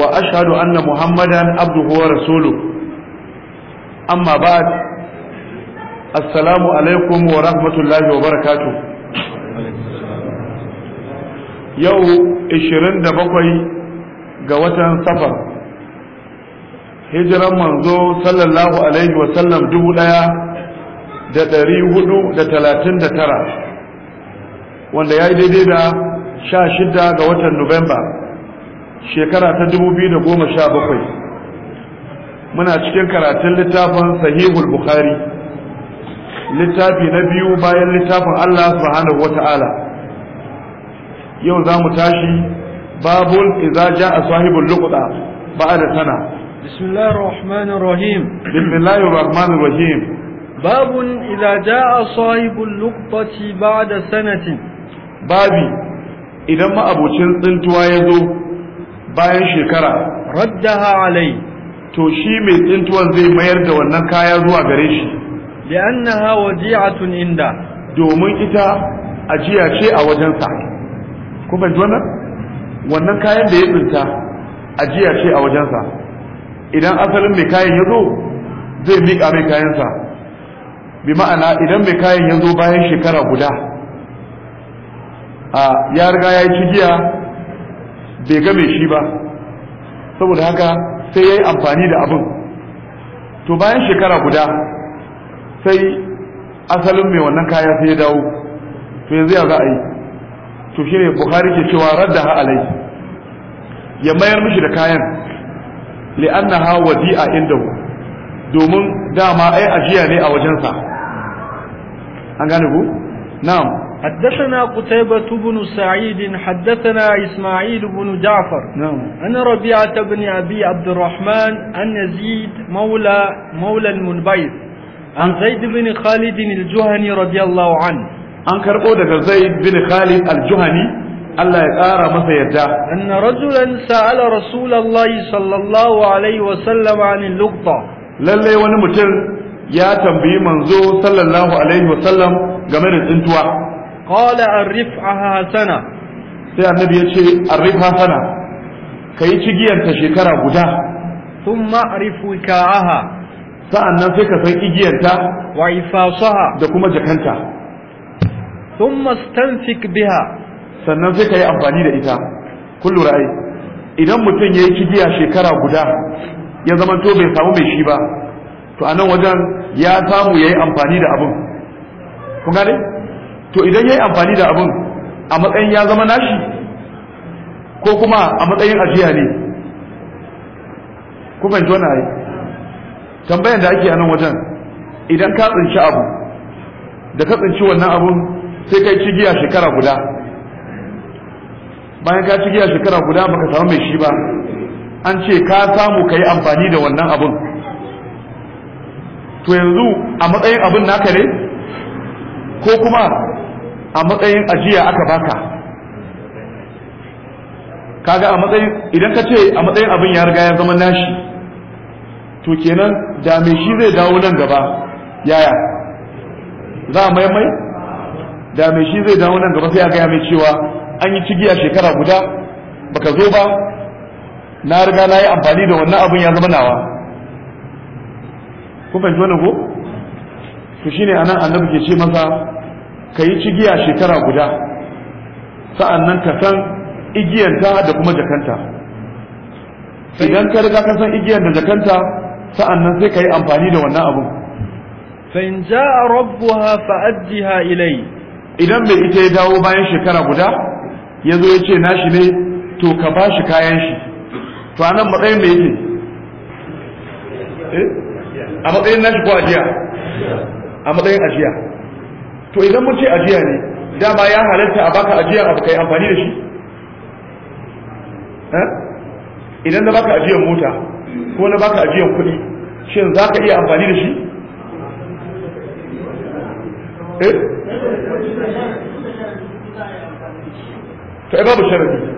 وأشهد أن محمدا عبده ورسوله أما بعد السلام عليكم ورحمة الله وبركاته yau 27 ga watan safar hijiran manzo sallallahu alaihi wasallam dubu daya da dari hudu da talatin da tara wanda ya yi daidai da sha shida ga watan nuwamba shekara ta 2017 muna cikin karatun littafin sahihul bukhari littafi na biyu bayan littafin Allah subhanahu wata'ala yau za mu tashi babul idza ja'a sahibul luqda da sana bismillahir rahmanir rahim bismillahir rahmanir rahim babun idza ja'a sahibul luqtati ba'da sanatin babi idan ma tsintuwa ya zo bayan shekara raddaha alai to shi mai tsintuwan zai mayar da wannan kaya zuwa gare shi li'annaha wadi'atun inda domin ita ajiya ce a wajensa ku ban wannan wannan kayan da ya tsinta ajiya ce a wajensa idan asalin mai kayan ya zo zai miƙa mai kayansa bi ma'ana idan mai kayan ya zo bayan shekara guda a ya riga ya yi cigiya bai game shi ba saboda haka sai ya yi amfani da abin to bayan shekara guda sai asalin mai wannan kaya sai ya dawo to yanzu ya za a yi to shine bukhari ke cewa radda ha alai ya mayar mishi da kayan li'annaha a inda domin dama ai ajiya ne a wajensa an gane ku نعم حدثنا قتيبة بن سعيد حدثنا إسماعيل بن جعفر نعم أن ربيعة بن أبي عبد الرحمن أن يزيد مولى مولى المنبيذ عن أه. زيد بن خالد الجهني رضي الله عنه عن كربودة زيد بن خالد الجهني الله ya ما masa أن رجلا سأل رسول الله صلى الله عليه وسلم عن اللقطة للي ونمتل ya tambayi manzo sallallahu alaihi wasallam game da tsintuwa qala arrifha hasana sai annabi ya ce arrifha hasana kai ta shekara guda thumma arifu ka'aha sa'annan sai ka san ta wa ifasaha da kuma jakanta thumma stanfik biha sannan sai ka yi amfani da ita kullu ra'ayi idan mutum ya yi cigiya shekara guda ya zama to bai samu mai shi ba to a nan wajen ya samu yayi amfani da abun kun gane to idan yayi amfani da abun a matsayin ya zama nashi ko kuma a matsayin ajiya ne ku fahimci wani ayi tambayan da ake a nan wajen idan ka tsinci abu da ka tsinci wannan abun sai kai giya shekara guda bayan ka giya shekara guda baka samu mai shi ba an ce ka samu ka yi amfani da wannan abun to yanzu a matsayin abin naka ne ko kuma a matsayin ajiya aka baka kaga a matsayin idan ka ce a matsayin abin ya riga ya zama nashi to kenan da mai shi zai dawo nan gaba yaya za a mai mai da mai shi zai dawo nan gaba sai a gaya mai cewa an yi cigiya shekara guda baka zo ba na riga na yi amfani da wannan abin ya zama nawa Ku fahimci wannan ko to shine anan annabi ke ce masa ka cigiya shekara guda sa'annan ka san igiyanta da kuma jakanta idan ka riga ka san igiyar da jakanta sa'annan sai ka yi amfani da wannan abun fa in ja'a rabbuha fa ilai idan mai ita ya dawo bayan shekara guda ya zo ya ce nashi ne to ka ba shi kayan shi to anan matsayin mai yake eh a matsayin nashi ko ajiya a matsayin ajiya to idan mun ce ajiya ne dama ya halatta a baka ajiya abu kai amfani da shi eh? idan na baka ajiyar mota ko na baka ajiyar kuɗi shin za ka iya amfani da shi ta eh? to babu sharadi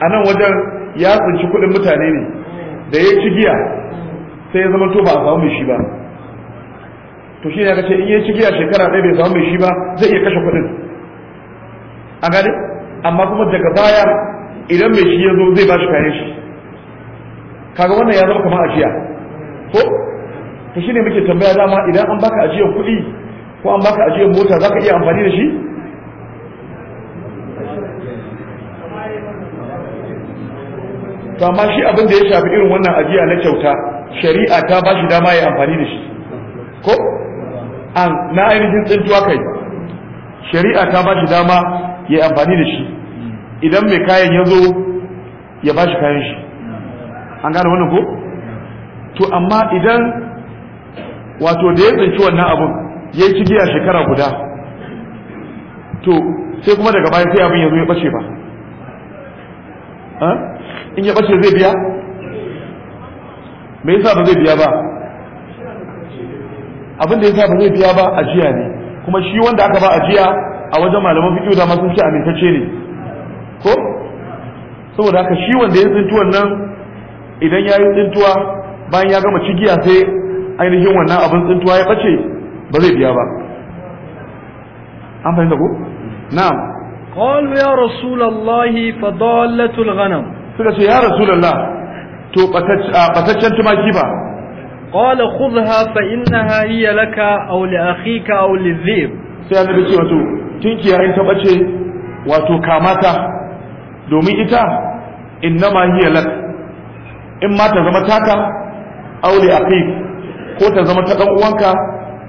a nan wajen ya tsinci kuɗin mutane ne da ya ci giya sai ya zama to ba a samu mai shi ba to shi ne ka ce in yi ciki a shekara ɗaya bai samu mai shi ba zai iya kashe kuɗin a gani amma kuma daga baya idan mai shi ya zo zai ba shi kayan shi kaga wannan ya zama kamar ajiya ko to shi ne muke tambaya dama idan an baka ajiyar kuɗi ko an baka ajiyar mota za ka iya amfani da shi to amma shi abin da ya shafi irin wannan ajiya na kyauta shari'a ta ba shi dama ya amfani da shi ko an na ainihin tsintuwa kai shari'a ta ba shi dama ya amfani da shi idan mai kayan ya zo ya ba shi kayan shi an gane wannan ko to amma idan wato da ya tsinci wannan abun ya yi cigiya shekara guda to sai kuma daga baya sai abin ya zo ya bace ba in ya bace zai biya me yasa ba zai biya ba abin da yasa ba zai biya ba ajiya ne kuma shi wanda aka ba ajiya a wajen malaman fiqh da sun ce amintacce ne ko saboda haka shi wanda ya tsintuwa wannan idan ya yi tsintuwa bayan ya gama cigiya sai ainihin wannan abin tsintuwa ya bace ba zai biya ba an fahimta ko na'am قالوا يا رسول الله فضالة الغنم suka ce ya rasulullah to bataccen tumaki ba qala khudha fa innaha hiya laka aw li akhika aw li dhib sai annabi ce wato tinki yayin ta bace wato kamata domin ita innama hiya lak in ma ta zama taka aw li akhik ko ta zama ta dan uwanka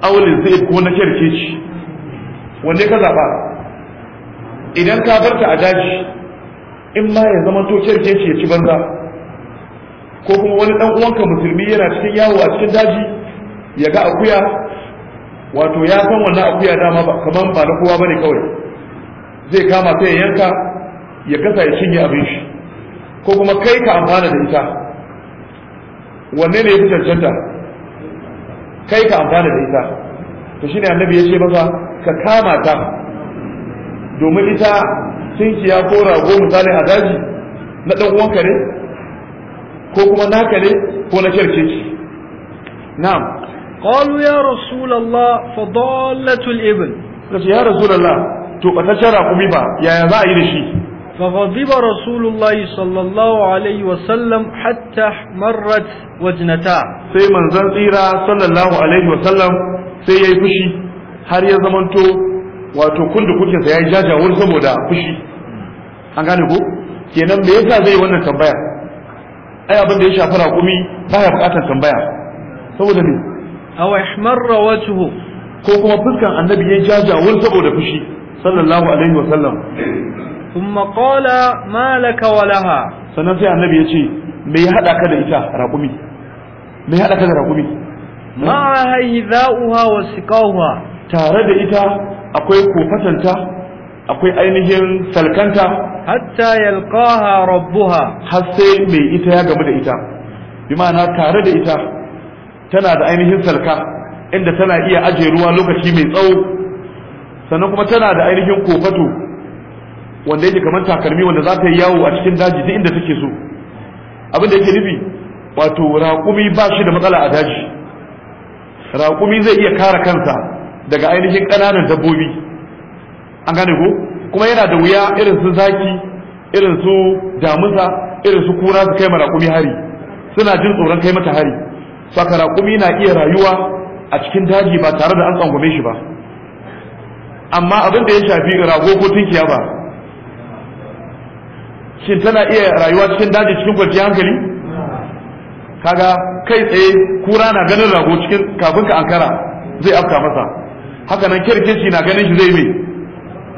aw li dhib ko na shi. wanne ka zaba idan ka barta a daji in ma ya zama to shi ya ci banza ko kuma wani dan uwanka musulmi yana cikin yawo a cikin daji ya ga akuya wato ya san wannan akuya dama kaman ba na kowa bane kawai zai kama sai ya yanka ya gasa ya cinye abin shi ko kuma kai ka amfana da ita wanne ne ya fi cancanta kai ka amfana da ita to shine annabi ya ce maka ka kama ta domin ita sun ya ko rago misali a daji na dan uwanka ne ko kuma naka ne ko na kyarkeci na'am qalu ya rasulullah fa dallatul ibn kace ya rasulullah to ba ta shara kuma ba yaya za a yi da shi fa ghadiba rasulullah sallallahu alaihi wa sallam hatta marrat wajnata sai manzon tsira sallallahu alaihi wa sallam sai yayi fushi har ya zamanto wato kundu kukin sa yayi jajawur saboda fushi an gane ko kenan me yasa zai wannan tambayar? ai abin da ya shafi raƙumi ya buƙatar tambaya saboda ne aw ihmarra wajhu ko kuma fuskan annabi ya jajawul saboda fushi sallallahu alaihi wa sallam thumma qala ma laka wa laha sannan sai annabi ya ce me ya hada ka da ita raƙumi me ya hada ka da raƙumi ma haidha'uha wa tare da ita akwai kofatanta akwai ainihin salkanta hatta yalqaha rabbuha har sai mai ita ya gamu da ita bi ma'ana tare da ita tana da ainihin salka inda tana iya aje ruwa lokaci mai tsawo sannan kuma tana da ainihin kofato wanda yake kamar takalmi wanda za ta yi yawo a cikin daji duk inda take so abin da yake nufi wato raƙumi ba shi da matsala a daji raƙumi zai iya kare kansa daga ainihin ƙananan dabbobi an gane ko kuma yana da wuya irin su zaki irin su damusa irin su kura su kai marakumi hari suna jin tsoron kai mata hari saka rakumi na iya rayuwa a cikin daji ba tare da an tsangwame shi ba amma abin da ya shafi rago ko tunkiya ba shin tana iya rayuwa cikin daji cikin kwanciyar hankali kaga kai tsaye kura na ganin rago cikin kafin ka ankara zai afka masa Hakanan nan na ganin shi zai mai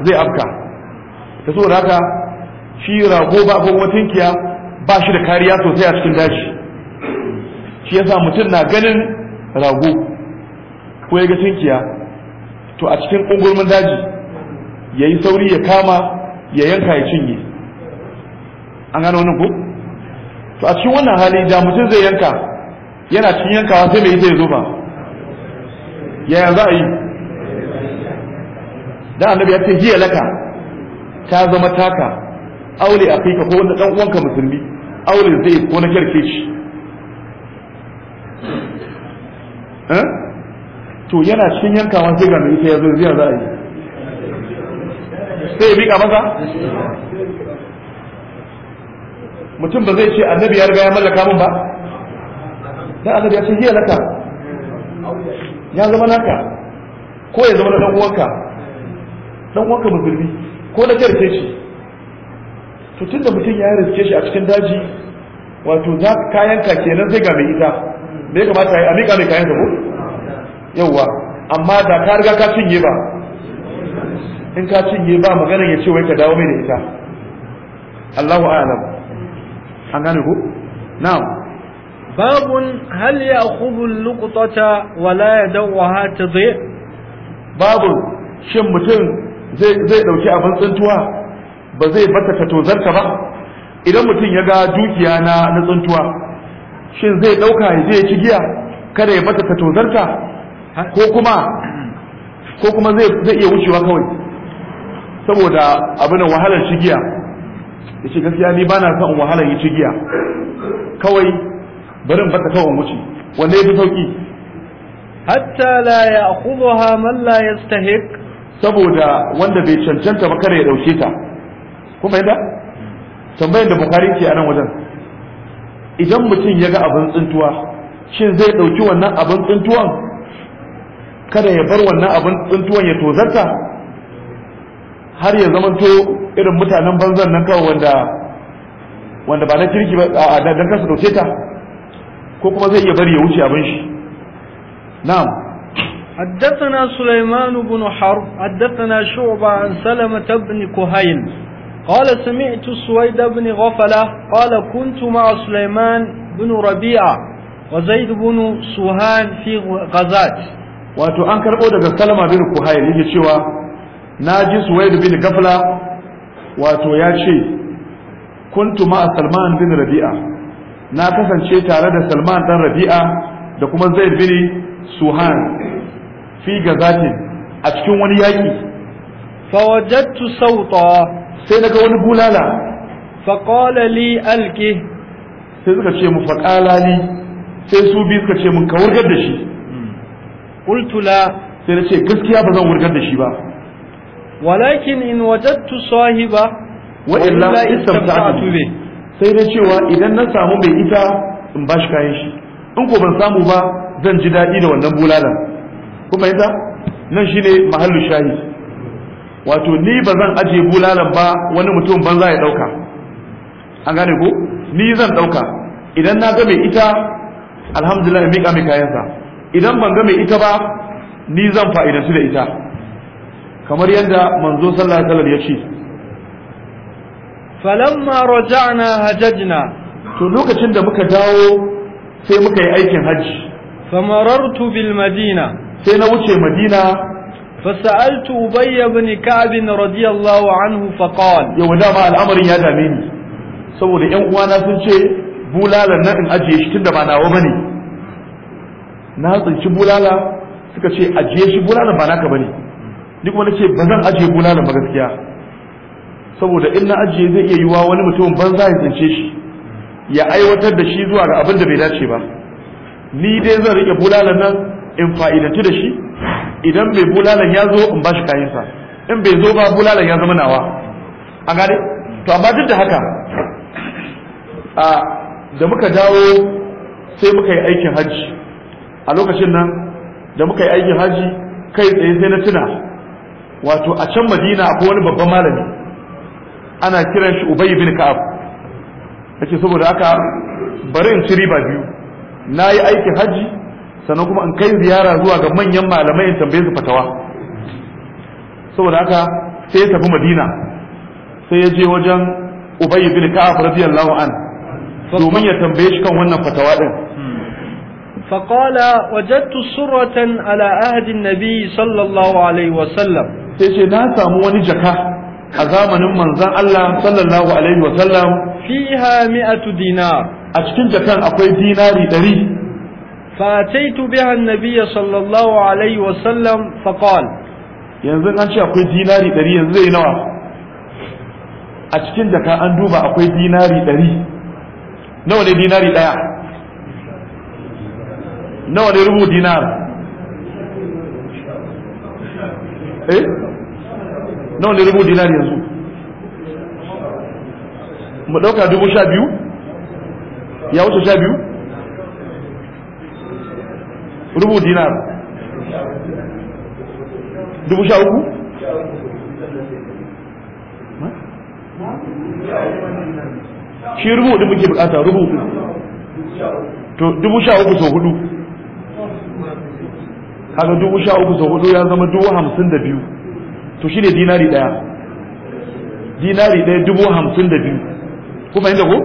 zai afka ta saboda haka shi rago ba ko tunkiya ba shi da kariya sosai a cikin daji shi yasa mutum na ganin rago ko ya ga tinkiya to a cikin ƙungurmin daji ya yi sauri ya kama ya yanka ya cinye an gano wannan ko to a cikin wannan hali da mutum zai yanka yana cikin yankawa sai mai ita ya zo ba yaya za a yi dan annabi ya ce hiya laka ta zama taka aure a ka ko wanda dan uwanka musulmi aure zai ko na kyarke shi eh? to yana cikin yankawa sai ga mai ita ya zo ziya za a yi sai bi ka masa mutum ba zai ce annabi ya riga ya mallaka min ba dan annabi ya ce hiya laka ya zama naka ko ya zama na dan uwanka dan uwanka birni ko na karfe shi to tun da mutum ya riske shi a cikin daji wato za ka kayanka kenan zai ga mai ita da ya kamata a miƙa mai kayan gabo yauwa amma da ka riga ka cinye ba in ka cinye ba maganin ya ce wai ka dawo mai da ita Allahu a'lam an gane ku na'am babun hal ya khudhu al-luqtata wa la yadawaha tadhi shin mutum zai ɗauki abin tsintuwa ba zai bata ka tozarta ba idan mutum ya ga dukiya na na tsintuwa shin zai ɗauka ya je ci giya kada ya bata ka tozarta ko kuma ko kuma zai iya wucewa kawai saboda abin wahalar ci giya ya ce gaskiya ni ba na son wahalar yi ci giya kawai barin bata kawai wuce wanne ya fi sauki hatta la ya man la yastahiq saboda wanda bai cancanta ba kada ya dauke ta kuma yadda tambayar da bukari ke a nan wajen idan mutum ya ga abin tsintuwa shin zai dauki wannan abin tsintuwan kada ya bar wannan abin tsintuwan ya tozarta har ya zamanto irin mutanen banzan nan kawai wanda ba na kirki ba a kasa dauke ta ko kuma zai iya bari ya wuce abin shi na'am حدثنا سليمان بن حرب حدثنا شعبة عن سلمة بن كهيل قال سمعت سويد بن غفلة قال كنت مع سليمان بن ربيعة وزيد بن سوهان في غزات wato an karɓo daga salama bin kuhayl yake cewa na ji suwaid bin gafla wato ya ce kuntu ma salman bin rabi'a na kasance tare da salman dan rabi'a da kuma zaid bin suhan fi gazatin a cikin wani yaki fawajattu sauta sai daga wani bulala faqala li alki sai suka ce mu faqala li sai su bi suka ce mun ka wurgar da shi qultu la sai na ce gaskiya ba zan wurgar da shi ba walakin in wajadtu sahiba wa illa istamta'tu bi sai dai cewa idan na samu mai ita in bashi kayan shi in ko ban samu ba zan ji daɗi da wannan bulalan kuma yanzu nan shine mahallu shahi wato ni ba zan aje bulalan ba wani mutum ban za ya dauka an gane ko ni zan dauka idan na ga ita alhamdulillah mika mai kayansa idan ban ga ita ba ni zan fa'idantu da ita kamar yadda manzo sallallahu alaihi wasallam ya ce falamma raja'na hajajna to lokacin da muka dawo sai muka yi aikin hajji famarartu bil madina sai na wuce madina فسألت أبي بن كعب anhu fa عنه فقال يا ودا ما ya dame ni. saboda ƴan uwana sun ce bulalan na in ajiye shi tunda ba nawa bane na tsinci bulala suka ce ajiye shi bulalan ba naka bane ni kuma ce ba zan ajiye bulalan ba gaskiya saboda in na ajiye zai iya yiwa wani mutumin banza ya tsince shi ya aiwatar da shi zuwa ga abin bai dace ba ni dai zan rike bulalan nan in fa'idantu da shi idan mai bulalan ya zo in bashi kayansa in bai zo ba bulalan ya zama nawa A gane to amma duk da haka a da muka dawo sai muka yi aikin hajji a lokacin nan da muka yi aikin hajji kai tsaye sai na tuna wato a can madina akwai wani babban malami ana kiran shi ubayi bin ka'ab nake saboda aka bari in ci riba biyu na yi aikin hajji sannan kuma in kai ziyara zuwa ga manyan malamai in tambaye su fatawa saboda haka sai ya tafi madina sai ya je wajen ubayy bin ka'ab radiyallahu an domin ya tambaye shi kan wannan fatawa din فقال وجدت سرة على عهد النبي صلى الله عليه وسلم na samu wani jaka a zamanin manzon Allah sallallahu alaihi wasallam fiha mi'atu dinar a cikin jakan akwai dinari ɗari فأتيت بها النبي صلى الله عليه وسلم فقال yanzu an ce akwai dinari ɗari yanzu zai nawa a cikin jaka an duba akwai dinari ɗari nawa ne dinari ɗaya nawa ne dinar eh? nawa ne dinar yanzu mu ɗauka dubu sha biyu ya sha biyu rubu dinar dubu sha uku shi rubu da muke bukata rubu to dubu sha uku sau hudu haka dubu sha uku sau hudu ya zama dubu hamsin da biyu to shi ne dinari daya dinari daya dubu hamsin da biyu kuma inda ko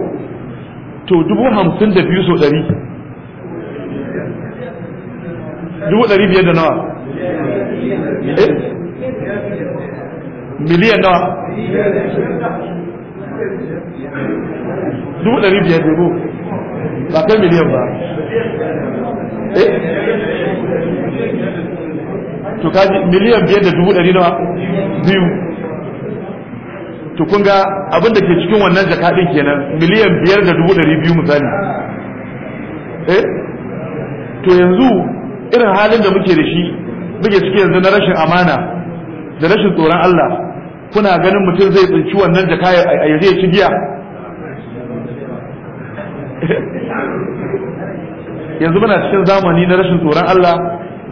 to dubu hamsin da biyu sau dari dubu ɗari biyar da nawa eh? miliyan nawa dubu ɗari biyar dubu ba kai miliyan ba eh to kaji miliyan biyar da dubu ɗari nawa biyu to kun ga abin da ke cikin wannan jakaɗin kenan miliyan biyar da dubu ɗari biyu misali eh to yanzu irin halin da muke da shi muke ciki yanzu na rashin amana da rashin tsoron Allah kuna ganin mutum zai tsinci wannan da jaka ya ci giya yanzu muna cikin zamani na rashin tsoron Allah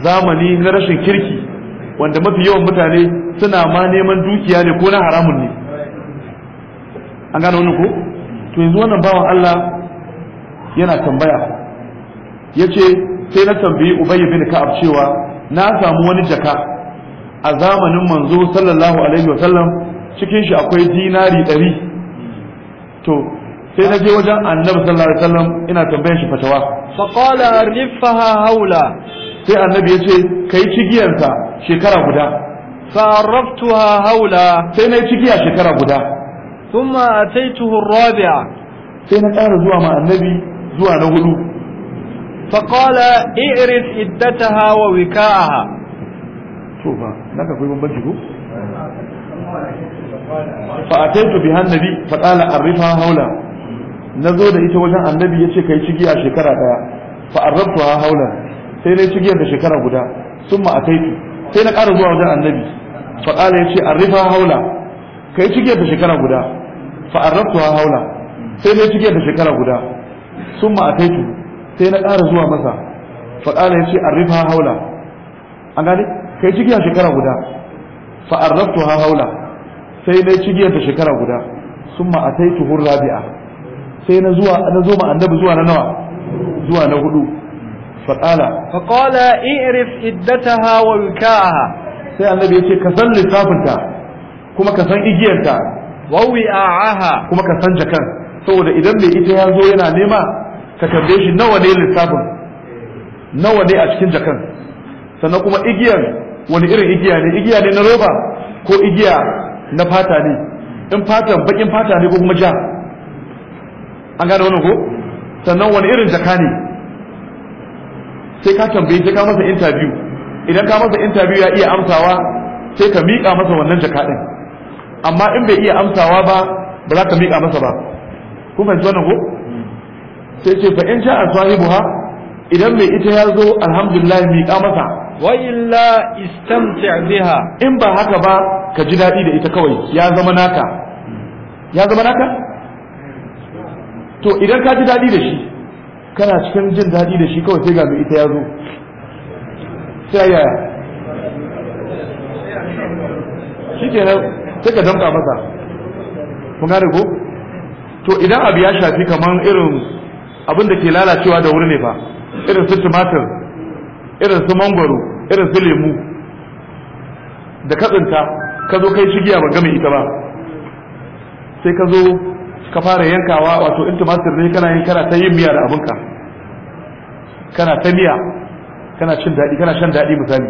zamani na rashin kirki wanda mafi yawan mutane suna ma neman dukiya ne ko na haramun ne an gane wani ko to yanzu wannan bawan Allah yana tambaya ya ce sai na tambayi ubay bin ka'ab cewa na samu wani jaka a zamanin manzo sallallahu alaihi wa sallam cikin shi akwai dinari ɗari to sai na je wajen annabi sallallahu alaihi wa sallam ina tambayar shi fatawa qala rifaha haula sai annabi ya ce kai cigiyarsa shekara guda raftuha haula sai na cigiya shekara guda thumma ataituhu rabi'a sai na ƙara zuwa ma annabi zuwa na hudu فقال اعرف عدتها ووكاءها شوف لك كوي بمبنشي كو فأتيت بها النبي فقال عرفها هولا نزو da ita wajen annabi yace kai ciki a shekara daya fa arrabtuha haula sai dai cigiyar da shekara guda summa ataitu sai na ƙara zuwa wajen annabi fa qala yace arrifa haula kai cigiyar da shekara guda fa arrabtuha haula sai dai cigiyar da shekara guda summa ataitu sai na ƙara zuwa masa Faɗala ya ce arrifa haula an gane kai a shekara guda fa'arraftu ha haula sai na cigiyar ta shekara guda sun ma'atai tuhun rabi'a sai na zuwa na zo ma annabi zuwa na nawa zuwa na hudu faƙala faƙala i'rif iddataha wa wika'aha sai annabi ya ce ka san lissafinta kuma ka san igiyarta wa aha. kuma ka san jakan saboda idan mai ita ya zo yana nema ka tambaye shi nawa ne lissafin nawa ne a cikin jakan sannan kuma igiyar wani irin igiya ne igiya ne na roba ko igiya na fata ne in fatan bakin fata ne ko kuma ja an gane wani ko sannan wani irin jaka ne sai ka tambaye sai ka masa interview idan ka masa interview ya iya amsawa sai ka miƙa masa wannan jaka ɗin amma in bai iya amsawa ba ba za ka miƙa masa ba Ku fahimci wannan ko sai ce fa in ja'a buha? idan mai ita ya zo alhamdulillah mai ka wa’illa istamta biha in ba haka ba ka ji daɗi da ita kawai ya zama naka ya zama naka to idan ka ji daɗi da shi kana cikin jin daɗi da shi kawai sai ga mai ita ya zo sai yaya shi kenan sai ka damka masa kun gane ko to idan abu ya shafi kaman irin abin da ke lalacewa da wuri ne ba irin su tumatir irin su mangwaro irin su lemu da katsinta ka zo kai shigiya ba game ita ba sai ka zo ka fara yankawa wato in tumatir ne kana yin kana ta yin miya da abinka kana ta miya kana cin daɗi kana shan daɗi misali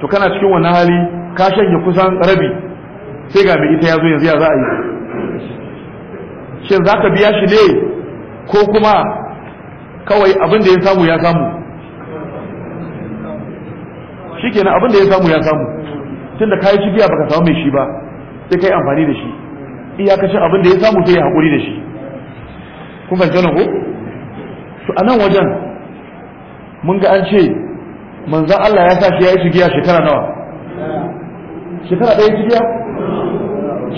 to kana cikin wannan hali ka shanye kusan rabi sai ga mai ita ya zo yanzu ya za a yi shin za ka biya shi ne ko kuma kawai abin da ya samu ya samu shikenan abin da ya samu ya samu tun da kayi ba baka samu mai shi ba sai ka yi amfani da shi iyakacin abin da ya samu sai ya haƙuri da shi kun fahimta na ko to a nan wajen mun ga an ce manzan Allah ya sa shi ya yi cigiya shekara nawa shekara ɗaya cigiya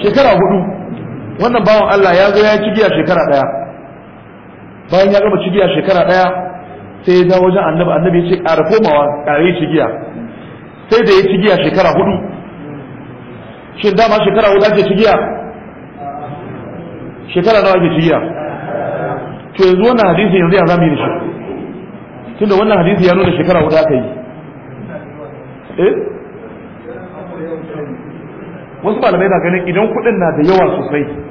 shekara hudu wannan bawan Allah ya zo ya yi cigiya shekara ɗaya bayan ya gama cigiya shekara daya sai ya dawo wajen annabi annabi ya ce ƙara komawa ƙara yi cigiya sai da ya cigiya shekara hudu shin dama shekara hudu ake cigiya shekara nawa ake cigiya to yanzu wannan hadisi yanzu ya zama yi shi tunda wannan hadisi ya nuna shekara hudu aka yi eh wasu malamai na ganin idan kuɗin na da yawa sosai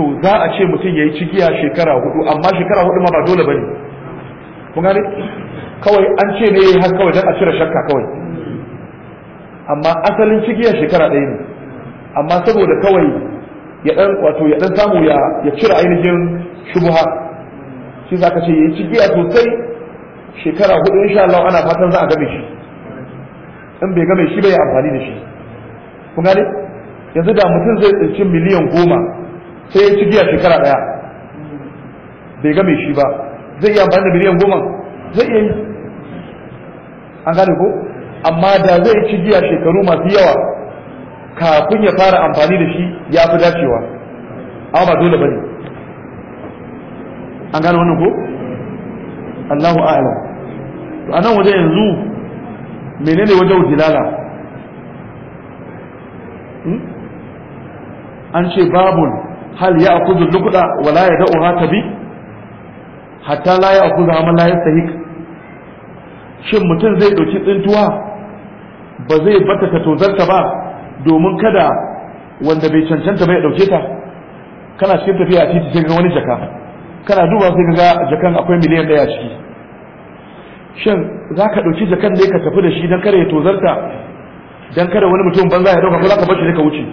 to za a ce mutum ya yi cikiya shekara hudu amma shekara hudu ma ba dole ba ne kun gane kawai an ce ne ya yi har kawai don a cire shakka kawai amma asalin cikiya shekara ɗaya ne amma saboda kawai ya dan wato ya dan samu ya cire ainihin shubuha shi za ka ce ya yi cikiya sosai shekara hudu insha Allah ana fatan za a game shi in bai game shi bai amfani da shi kun gane yanzu da mutum zai tsinci miliyan goma sai ya ci giya shekara daya bai ga shi ba zai iya amfani da miliyan goma zai iya yi an gane ko amma da zai ci giya shekaru masu yawa kafin ya fara amfani da shi ya fi dacewa amma ba dole bane an gane wannan ko Allahu a'lam to anan waje yanzu menene wajen dilala hmm? an ce babul hal ya akudu lukuda wala ya da'u hata bi hatta la ya akudu amma la yastahiq shin mutum zai dauki tsintuwa ba zai bata ta tozarta ba domin kada wanda bai cancanta ba ya dauke ta kana cikin tafiya a titi sai ga wani jaka kana duba sai ga jakan akwai miliyan daya ciki shin za ka ɗauki jakan da ka tafi da shi don kare ya tozarta don kada wani mutum banza ya ɗauka ko za ka shi ne ka wuce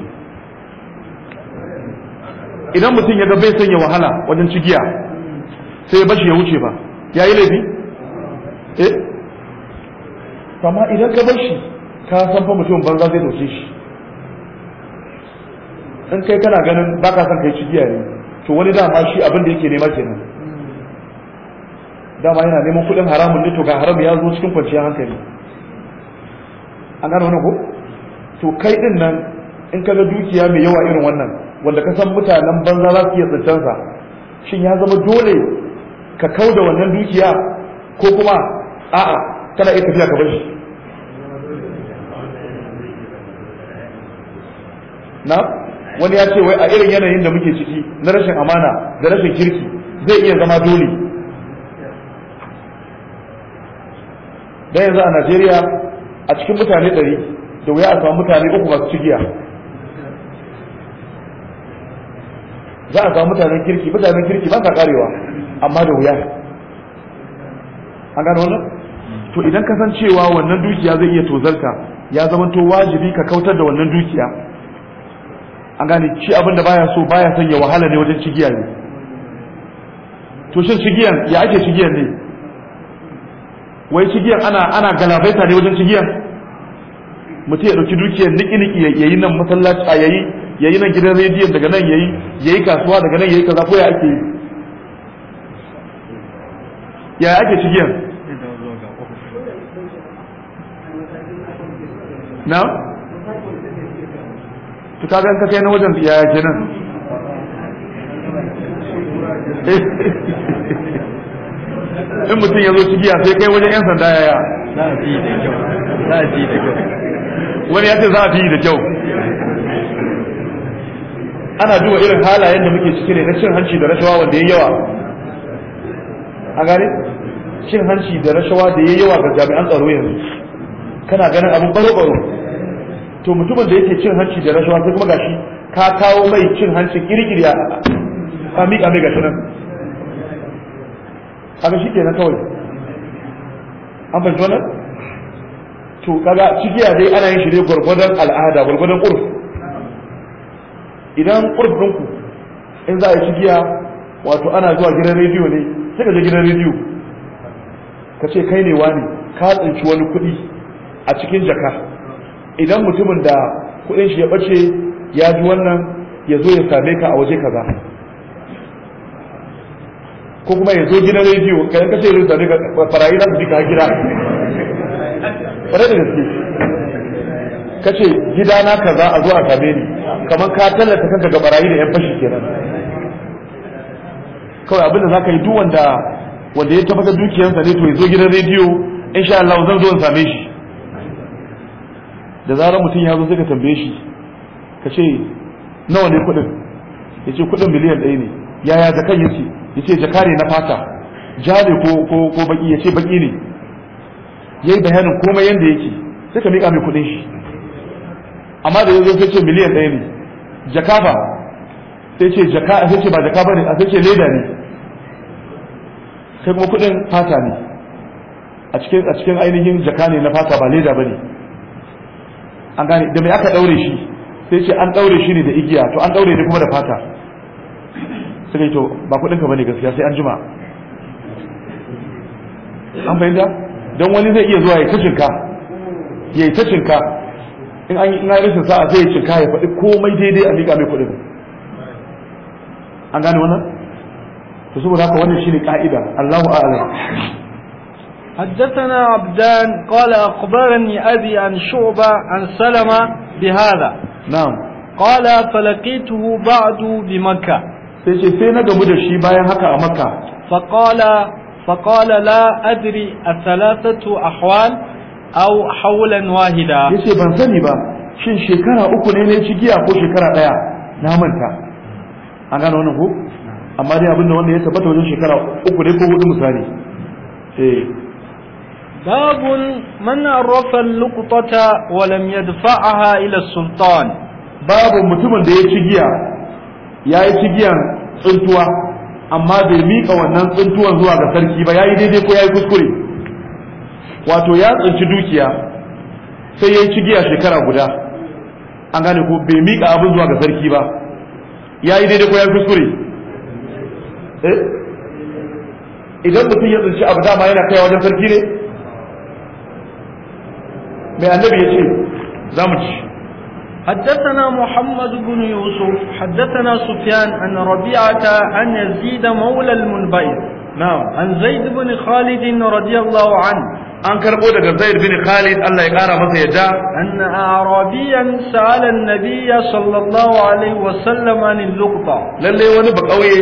idan mutum ya ga bai sanya wahala wajen cigiya sai ya bashi ya wuce ba ya yi laifi eh amma idan ka bashi, ka san fa mutum banza zai doke shi in kai kana ganin ba ka son kai cigiya ne to wani dama shi abin da yake nema kenan dama yana neman kuɗin haramun ne to ga haram ya zo cikin kwanciyar hankali an gano wani ko to kai din nan in ka ga dukiya mai yawa irin wannan wanda ka san mutanen banza za su iya tsintansa shin ya zama dole ka kau da wannan dukiya ko kuma a'a kana iya tafiya ka bar shi na wani ya ce wai a irin yanayin da muke ciki na rashin amana da rashin kirki zai iya zama dole dan yanzu a Najeriya a cikin mutane ɗari da wuya a samu mutane uku masu cigiya za a samu mutanen kirki mutanen kirki ba sa karewa amma da wuya an gano wannan to idan ka san cewa wannan dukiya zai iya tozarka ya zama to wajibi ka kautar da wannan dukiya an gane ci abin da baya so baya son ya wahala ne wajen cigiya ne to shin cigiyan ya ake cigiyan ne wai cigiyan ana ana galabaita ne wajen cigiyan mutum ya dauki dukiyar niki niki yayin nan masallaci a yayi yayi nan gidan rediyon daga nan yayi yayi kasuwa daga nan yayi kaza ko ya ake yi ya ake cikin na to kaga ka kai na wajen ya ake nan in mutum ya zo cikiya sai kai wajen yan sanda yaya za a fi da kyau wani ya ce za a fi da kyau ana duba irin halayen da muke ciki ne na cin hanci da rashawa wanda ya yawa a gane cin hanci da rashawa da ya yawa ga jami'an tsaro yanzu kana ganin abin baro-baro to mutumin da yake cin hanci da rashawa sai kuma gashi ka kawo mai cin hanci kirkiri a kami kame ga sunan abin shi kenan kawai an fahimci wannan to kaga cikiya dai ana yin shi ne gwargwadon al'ada gwargwadon ƙurfi idan ƙurfinku in za a yi giya wato ana zuwa gidan rediyo ne sai ka je gidan rediyo ka ce kai ne wani ka tsinci wani kuɗi a cikin jaka idan mutumin da kuɗin shi ya ɓace ya ji wannan ya zo ya same ka a waje kaza ko kuma ya zo gidan rediyo ka yanka ce rediyo same ka farayi za su ji ka gida ƙwarai da gaske ka ce gidana kaza a zo a same ni kamar ka tallata kanka ga barayi da yan fashi kenan kawai abin da zaka yi duk wanda wanda ya tabbata dukiyarsa ne to ya zo gidan rediyo insha Allah zan zo in same shi da zarar mutum ya zo sai ka tambaye shi ka ce nawa ne kuɗin ya ce kuɗin miliyan ɗaya ne yaya zakan yace ya ce jaka ne na fata ja ne ko ko ko baki ya ce baki ne yayi bayanin komai yanda yake sai ka miƙa mai kuɗin shi amma da ya zo sai ce miliyan ɗaya ne ba. sai ce jaka sai ce ba jaka ba a sai ce leda ne sai kuma kudin fata ne a cikin a cikin ainihin jaka ne na fata ba leda bane an gane da mai aka daure shi sai ce an daure shi ne da igiya to an daure ne kuma da fata sai kai to ba kudin ka bane gaskiya sai an jima an fahimta don wani zai iya zuwa ya ta cinka ya ta tashinka. in an yi rashin sa'a zai ci ya faɗi komai daidai a liƙa mai kuɗi an gane wannan to saboda haka wannan ne ka'ida Allahu a'lam حدثنا عبدان قال أخبرني أبي عن شعبة عن سلمة بهذا sai قال فلقيته بعد بمكة فين قبل شي باين هكا مكة فقال فقال لا أدري الثلاثة أحوال aw hawlan wahida yace ban sani ba shin shekara uku ne ne cikiya ko shekara daya na manta an gano wannan ko amma dai da wanda ya tabbata wajen shekara uku ne ko hudu misali eh babun man arrafa luqtata wa lam yadfa'aha ila sultan babu mutumin da ya ci giya, ya yi ci giyan tsuntuwa amma bai mika wannan tsuntuwan zuwa ga sarki ba yayi daidai ko yayi kuskure wato ya tsinci dukiya sai ya yi cigiya shekara guda an gane ko bai miƙa abin zuwa ga sarki ba ya yi daidai ko ya kuskure eh? idan mutum ya tsinci abu dama yana kai wajen sarki ne mai annabi ya ce za mu ci حدثنا محمد بن يوسف حدثنا سفيان عن ربيعة عن يزيد مولى المنبئ نعم عن زيد بن خالد رضي الله عنه an karbo daga Zaid bin Khalid Allah ya kara masa yadda anna arabiyan sa'ala an sallallahu alaihi wa sallam an luqta lalle wani bakauye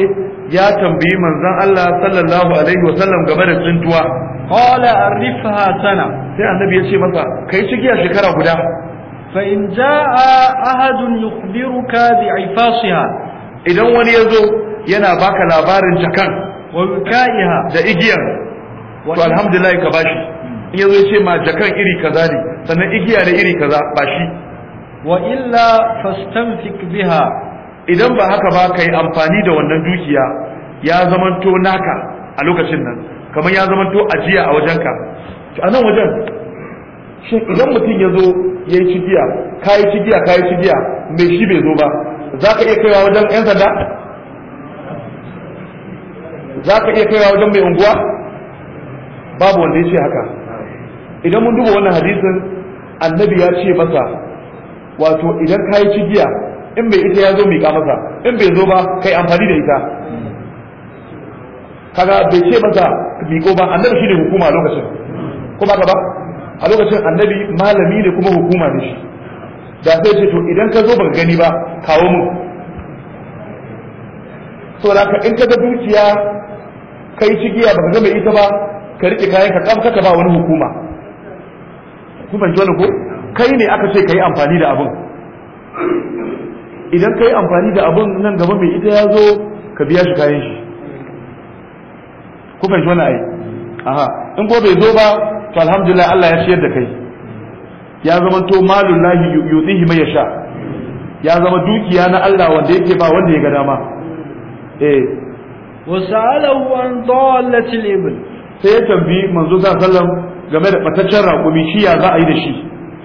ya tambayi manzon Allah sallallahu alaihi wa sallam game da tsintuwa qala arifha sana sai annabi ya ce masa kai cigiya shekara guda fa in jaa ahadun yukhbiruka bi'ifasiha idan wani yazo yana baka labarin jakan wa da igiyar to alhamdulillah ka bashi ya zai ce ma jakan iri kaza ne sannan igiya da iri kaza ba shi wa illa fastamsik biha idan ba haka ba kai amfani da wannan dukiya ya zamanto naka a lokacin nan kamar ya zamanto ajiya a wajenka a nan wajen shi idan mutum ya zo ya yi cigiya kayi cigiya yi cigiya mai shi bai zo ba za ka iya kaiwa wajen 'yan sanda za ka iya kaiwa wajen mai unguwa babu wanda ya ce haka idan mun duba wannan hadisin annabi ya ce masa wato idan ka yi cigiya in bai ita ya zo miƙa masa in bai zo ba kai amfani da ita kaga bai ce masa miƙo ba annabi shi ne hukuma a lokacin kuma ka ba a lokacin annabi malami ne kuma hukuma ne shi da sai ce to idan ka zo baka gani ba kawo mu so da ka in ka ga dukiya kai cigiya baka ga mai ita ba ka rike kayan ka kafa ka ba wani hukuma ku fahimci wani ko kai ne aka ce ka yi amfani da abin idan ka yi amfani da abin nan gaba mai ita ya zo ka biya shi kayan shi ku fahimci wani ai aha in ko bai zo ba to alhamdulillah Allah ya shiyar da kai ya zama to malun lahi yutihi mai yasha ya zama dukiya na Allah wanda yake ba wanda ya ga dama eh وسأله an ضالة الإبل sai ya tambayi manzo sallallahu sallam game da fataccen raƙumi shi ya za a yi da shi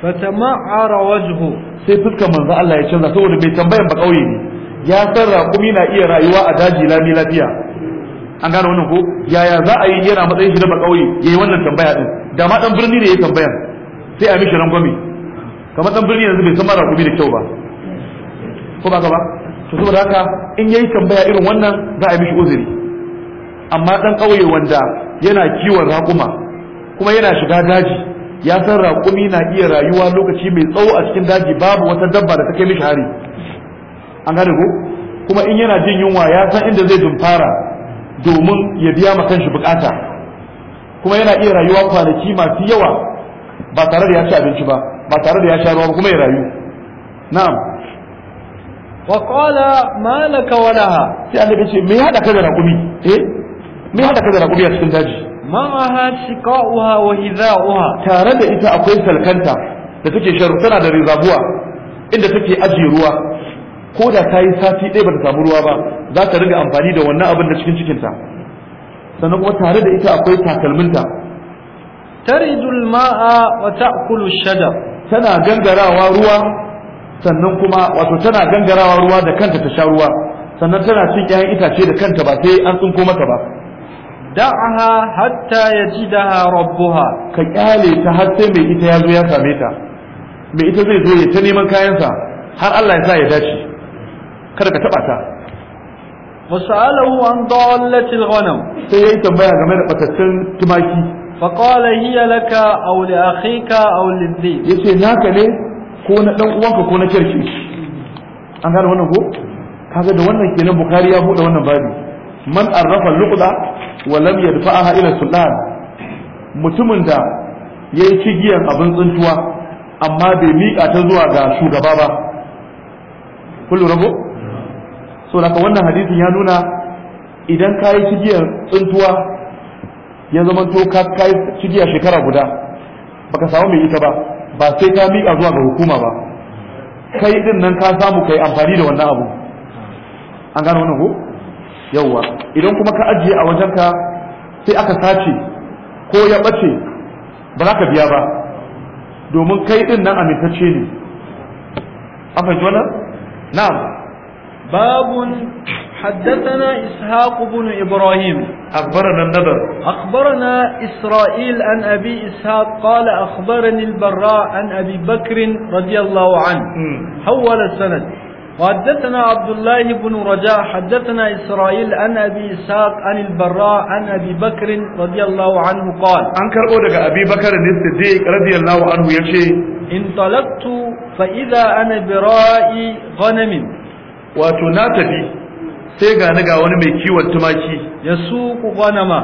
fatama'ara wajhu sai fuska manzo Allah ya canza saboda bai tambayan ba kauye ne ya san raƙumi na iya rayuwa a daji lami lafiya an gane wannan ko yaya za a yi yana matsayin shi na kauye yayi wannan tambaya din da ma dan birni ne ya tambayan sai a mishi rangwame kamar dan birni yanzu bai san raƙumi da kyau ba ko ba ka ba to saboda haka in yayi tambaya irin wannan za a mishi uzuri amma dan ƙauye wanda yana kiwon raƙuma kuma yana shiga daji ya san raƙumi na iya rayuwa lokaci mai tsawo a cikin daji babu wata dabba da ta kai mishi hari an gane ko kuma in yana jin yunwa ya san inda zai dumfara domin ya biya ma kanshi bukata kuma yana iya rayuwa kwanaki masu yawa ba tare da ya ci abinci ba ba tare da ya sha ruwa ba kuma ya rayu na'am qala ما لك ولها sai Allah ya ce me ya hada ka da raƙumi eh me haka kaza na raƙumi a cikin daji ma'aha shiqa'uha wa hidha'uha tare da ita akwai salkanta da take sharu tana da rizabuwa inda take ajiye ruwa ko da ta yi sati ɗaya ba ta samu ruwa ba za ta riga amfani da wannan abin da cikin cikinta sannan kuma tare da ita akwai takalminta tarijul ma'a wa ta'kulu shada. tana gangarawa ruwa sannan kuma wato tana gangarawa ruwa da kanta ta sha ruwa sannan tana cin 'ya'yan itace da kanta ba sai an tsinko mata ba da'aha hatta yajidaha rabbuha ka kyale ta har sai mai ita ya zo ya same ta mai ita zai zo ya ta neman kayansa har Allah ya sa ya dace kada ka taba ta wasalahu an dallati alghanam sai yayi tambaya game da batattun tumaki fa qala hiya laka aw li akhika aw li dhi yace naka ne ko na dan uwanka ko na kirki an gane wannan ko kaga da wannan kenan bukhari ya bude wannan babu man arrafa luqda wa lam yadfa'aha ila sultan mutumin da yayi kigiyan abin tsuntuwa amma bai mika ta zuwa ga shugaba ba kullu rabo so daga wannan hadisin ya nuna idan kayi kigiyan tsuntuwa ya zama to ka kai kigiya shekara guda baka samu mai ita ba ba sai ka mika zuwa ga hukuma ba kai din nan ka samu kai amfani da wannan abu an gano wannan ko yawwa idan kuma ka ajiye a wajenka sai aka sace ko ya bace ba za ka biya ba domin kai din nan amintacce ne an fahimci wannan na'am babun حدثنا إسحاق بن إبراهيم أخبرنا النذر أخبرنا إسرائيل عن أبي إسحاق قال أخبرني البراء عن أبي بكر رضي الله عنه حول السند وحدثنا عبد الله بن رجاء حدثنا إسرائيل عن أبي إسحاق عن البراء عن أبي بكر رضي الله عنه قال أنكر أودك أبي بكر الصديق رضي الله عنه يشي انطلقت فإذا أنا برائي غنم وتناتفي sai ga ni ga wani mai kiwon tumaki ya suku ghanama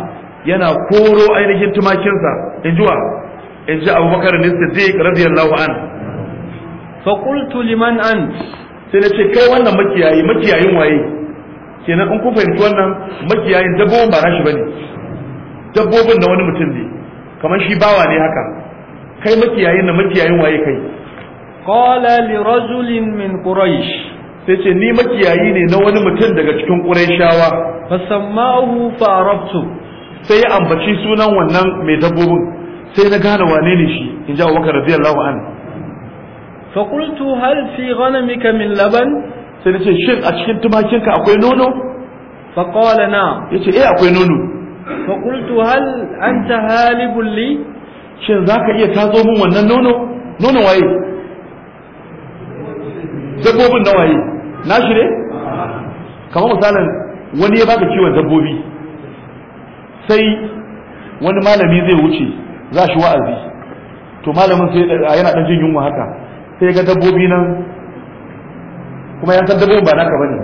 yana koro ainihin tumakinsa in jiwa in ji abubakar ne siddiq radiyallahu an fa qultu liman ant sai na ce kai wannan makiyayi makiyayin waye kenan in ku fahimci wannan makiyayin dabbobin ba nashi bane dabbobin na wani mutum ne kamar shi bawa ne haka kai makiyayin na makiyayin waye kai qala li rajulin min quraish sai ce ni makiyayi ne na wani mutum daga cikin fa fasammahu fa arabtu sai ya ambaci sunan wannan mai dabbobin sai na gane wane ne shi in ji abubakar radiyallahu anhu fakultu qultu hal fi ghanamika min laban sai ce shin a cikin tumakinka akwai nono fa qala na yace eh akwai nono fakultu hal anta halibul li shin zaka iya tazo min wannan nono nono waye dabbobin na waye na shi ne kamar misalin wani ya baka ciwon dabbobi sai wani malami zai wuce za shi wa'azi to malamin sai yana dan jin yunwa haka sai ga dabbobi nan kuma yan san dabbobin ba naka bane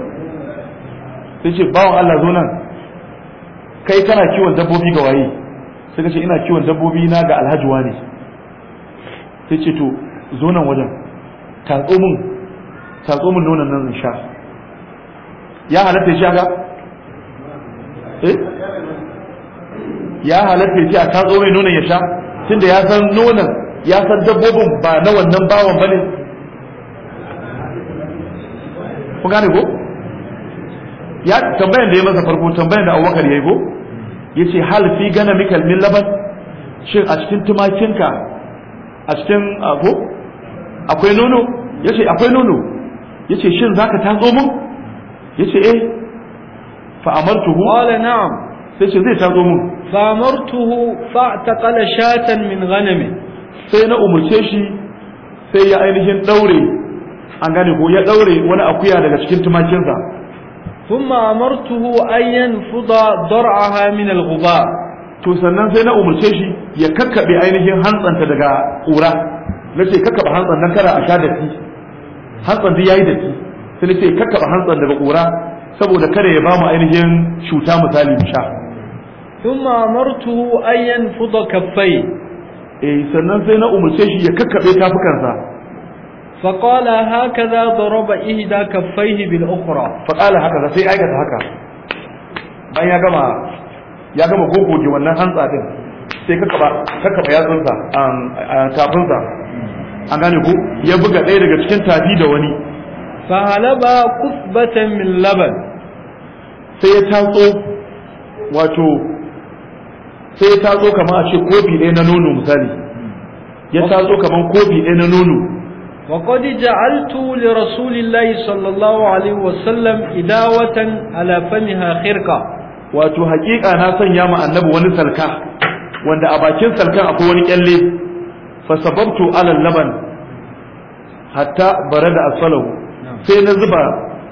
sai ce bawan Allah zo nan kai kana kiwon dabbobi ga waye sai ce ina kiwon dabbobi na ga Alhaji wani sai ce to zo nan wajen tatso min tatso mun nonon nan in sha ya halatta ya ga eh ya halatta ya a tatso mai nonon ya sha tunda ya san nonon ya san dabbobin ba na wannan bawan bane ku gane ko ya tambayan da ya masa farko tambayan da abubakar ya yi ko ya ce hal fi gana mikal min laban shin a cikin tumakinka a cikin ko akwai nono ya ce akwai nono ya ce shin ka tatso mun ya ce eh fa amartuhu na'am sai ce zai tatso mun fa'amartuhu amartuhu fa shatan min ghanami sai na umurce shi sai ya ainihin daure an gane ko ya daure wani akuya daga cikin tumakinsa thumma amartuhu an yanfuda dar'aha a al-ghubar to sannan sai na umurce shi ya kakkaɓe ainihin hantsanta daga ƙura ce kakkaba hantsan nan kada a sha datti hantsan duk yayi datti sai ce kakkaba hantsan daga ƙura saboda kada ya ba mu ainihin cuta misali mu sha thumma amartuhu an yanfuda kaffai eh sannan sai na umurce shi ya kakkabe tafukansa فقال هكذا ضرب إحدى كفيه بالأخرى فقال هكذا sai aikata haka bayan ya gama ya gama gogoge wannan hantsa din sai kakkaba kakkaba yatsunsa um, tafinsa an gane ko ya buga ɗaya daga cikin tafi da wani fahalaba kusbatan min laban sai ya tatso wato sai ya zo kamar a ce kofi ɗaya na nono misali ya tatso kamar kofi ɗaya na nono وقد جعلت لرسول الله صلى الله عليه وسلم إداوة على فمها خرقة wato haƙiƙa na sanya ma annabi wani salka wanda a bakin salkan akwai wani kyalle sababtu ala laban hatta barada asfalahu sai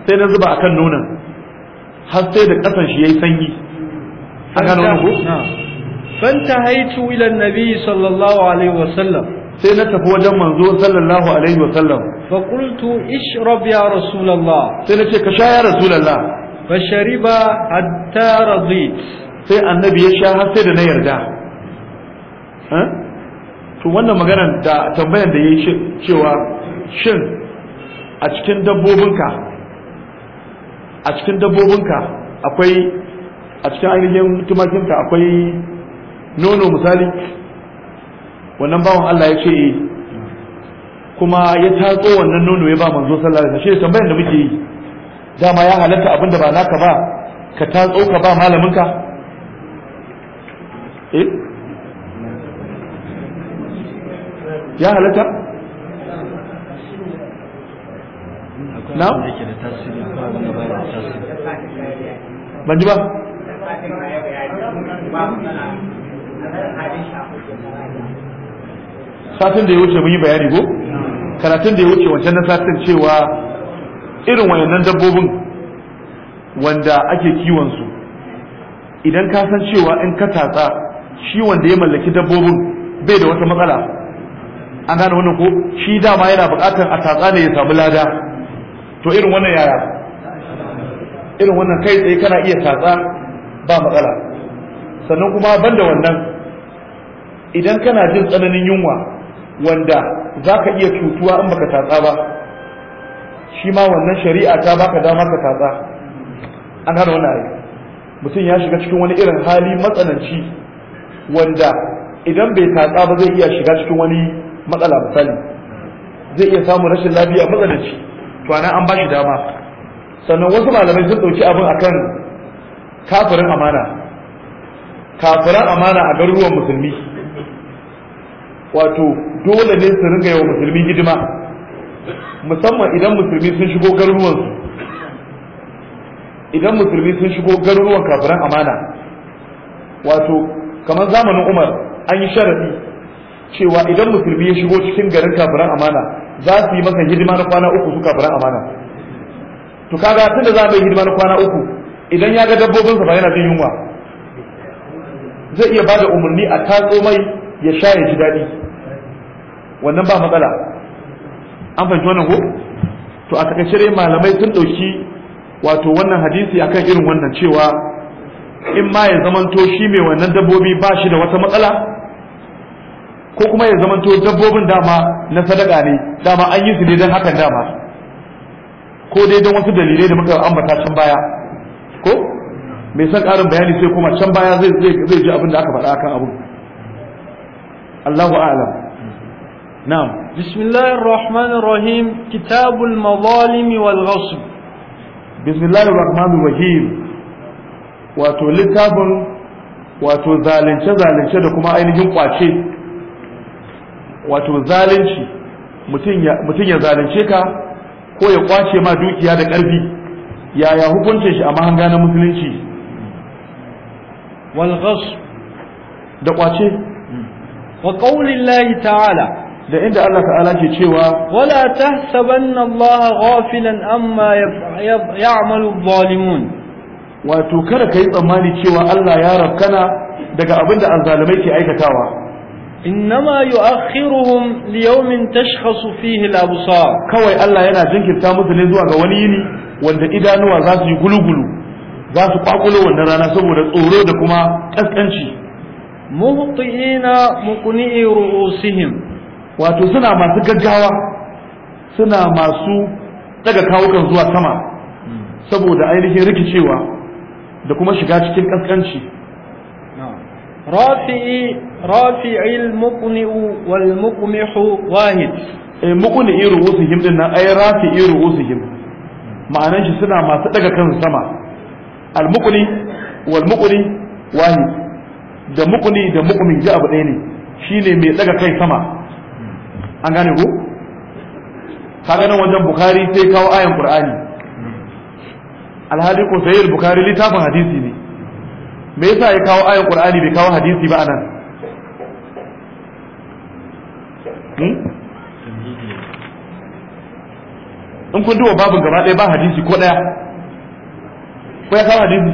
sai na zuba akan nonon har sai da ƙasan shi yayi sanyi fantahaitu ila nabi sallallahu alaihi wasallam sai na tafi wajen manzo sallallahu alaihi wasallam fa qultu ishrab ya rasulullah sai na ce ka sha ya rasulullah fa shariba hatta radit sai annabi ya sha har sai da na yarda to wannan maganar da tambayar da yayi cewa shin a cikin dabbobinka a cikin akwai a cikin ainihin tumakinka akwai nono misali wannan bawan Allah ya ce kuma ya tatso wannan nono ya ba manzo sallallahu alaihi wasallam shi tambayar da muke yi dama ya halatta abinda ba naka ba ka tatso ka ba malamin ka eh ya halatta na ban ji ba satin da ya wuce mun yi bayani ko karatun da ya wuce wancan na satin cewa irin wayannan dabbobin wanda ake kiwon su idan ka san cewa in ka tatsa shi wanda ya mallaki dabbobin bai da wata matsala an gane wannan ko shi dama yana bukatar a tatsa ne ya samu lada to irin wannan yaya irin wannan kai tsaye kana iya tatsa ba matsala sannan kuma banda wannan idan kana jin tsananin yunwa wanda za ka iya cutuwa in baka tatsa ba shi ma wannan shari'a ta baka dama ka tatsa an hana wani ayi mutum ya shiga cikin wani irin hali matsananci wanda idan bai tatsa ba zai iya shiga cikin wani matsala misali zai iya samun rashin lafiya matsananci to anan an bashi dama sannan wasu malamai sun ɗauki abin akan kafirin amana kafiran amana a garuruwan musulmi wato dole ne su ringa yawa musulmi hidima musamman idan musulmi sun shigo garuruwansu idan musulmi sun shigo garuruwan kafiran amana wato kamar zamanin umar an yi sharadi cewa idan musulmi ya shigo cikin garin kafiran amana za su yi masa hidima na kwana uku su kafiran amana to kaga tun da za yi hidima na kwana uku idan ya ga dabbobinsa ba yana jin yunwa zai iya bada umarni a tatso mai ya sha ya ji daɗi wannan ba matsala an fahimci wannan ko to a takaice dai malamai sun ɗauki wato wannan hadisi akan irin wannan cewa in ma ya zamanto shi mai wannan dabbobi ba shi da wata matsala ko kuma ya zamanto dabbobin dama na sadaka ne dama an yi su ne don hakan dama ko dai don wasu dalilai da muka ambata can baya ko mai son ƙarin bayani sai kuma can baya zai ji abin da aka faɗa akan abin Allahu a'lam na'am bismillahir rahmanir rahim kitabul mazalimi wal ghasb bismillahir rahmanir rahim wato littafin wato zalince-zalince da kuma ainihin kwace wato zalunci mutum ya zalunce ka ko ya kwace ma dukiya da ƙarfi yaya hukunce shi a mahanga na musulunci wal da kwace wa qaulillahi ta'ala da inda Allah ta'ala ke cewa wala tahsabanna Allah ghafilan amma ya'malu adh-dhalimun wato kada kai tsammani cewa Allah ya rabkana daga abinda azzalumai ke aikatawa innama yu'akhiruhum li yawmin tashkhasu fihi al-absar kawai Allah yana jinkirta musu ne zuwa ga wani yini wanda idanuwa za su yi gulugulu za su kwakulo wannan rana saboda tsoro da kuma kaskanci muhtiina muqni'i ru'usihim wato suna masu gaggawa suna masu daga kawukan zuwa sama saboda ainihin rikicewa da kuma shiga cikin kaskanci rafi'i rafi'il muqni'u wal muqmihu wahid eh muqni'i ru'usihim din nan ay rafi'i ru'usihim ma'anan shi suna masu daga kan sama al muqni wal muqni wahid da mukuni da mukumin ji abu ɗaya ne shine mai tsaga kai sama an gane ku? Ka ganin wajen bukari sai kawo ayan qur'ani alhali ko sayyid bukari littafin hadisi ne me yasa ya kawo ayan qur'ani bai kawo hadisi ba anan hmm? in kun duba babin gaba ɗaya ba hadisi ko ɗaya ko ya kawo hadisi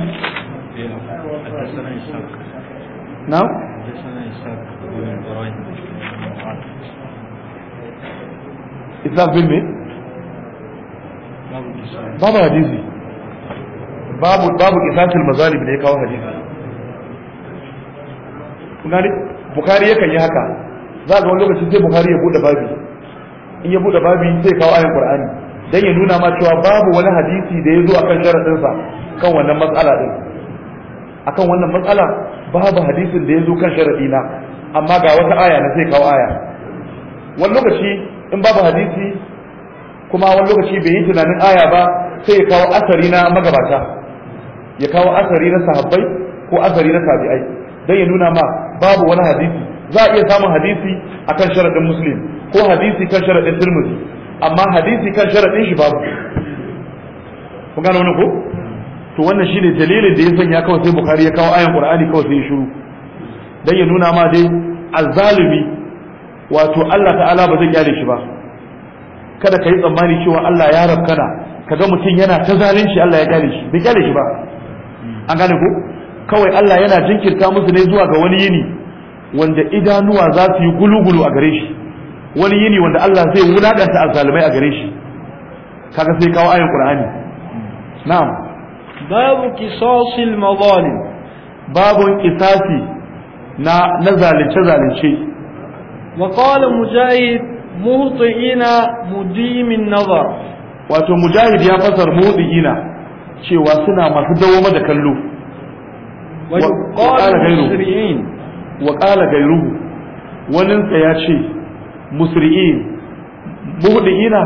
نعم إطلاق بالمي babu hadisi babu babu isatul mazalib da ya kawo hadisi kunari Bukhari yakan yi haka za ga wani lokaci sai Bukhari ya bude babi in ya bude babi sai kawo ayan qur'ani dan ya nuna ma cewa babu wani hadisi da ya zo akan sharadin sa kan wannan matsala din akan wannan matsala babu hadisin da ya zo kan sharadi na amma ga wata aya na sai kawo aya wani lokaci in babu hadisi kuma wani lokaci bai yi tunanin aya ba sai ya kawo asari na magabata ya kawo asari na sahabbai ko asari na tabi'ai dan ya nuna ma babu wani hadisi za a iya samun hadisi akan sharadin muslim ko hadisi kan sharadin tirmidhi amma hadisi kan sharadin shi babu kun gane wannan ko to wannan shine dalilin da ya sanya kawai sai bukhari ya kawo ayan qur'ani kawai sai ya shiru dan ya nuna ma dai azzalimi wato Allah ta'ala ba zai kyale shi ba kada ka yi tsammani cewa Allah ya rabkana kaga mutum yana ta zalunci Allah ya kyale shi bai kyale shi ba an gane ko kawai Allah yana jinkirta musu ne zuwa ga wani yini wanda idanuwa za su yi gulugulu a gare shi wani yini wanda Allah zai wulakanta azzalumai a gare shi kaga sai kawo ayan Qur'ani na'am babu قصاص المظالم babu قصاص نا na zalunce zalunce wa qala mujahid muhtiina wato mujahid ya fasar cewa suna masu dawo da kallo wa qala gairu wannan sa ya ce musri'in muhtiina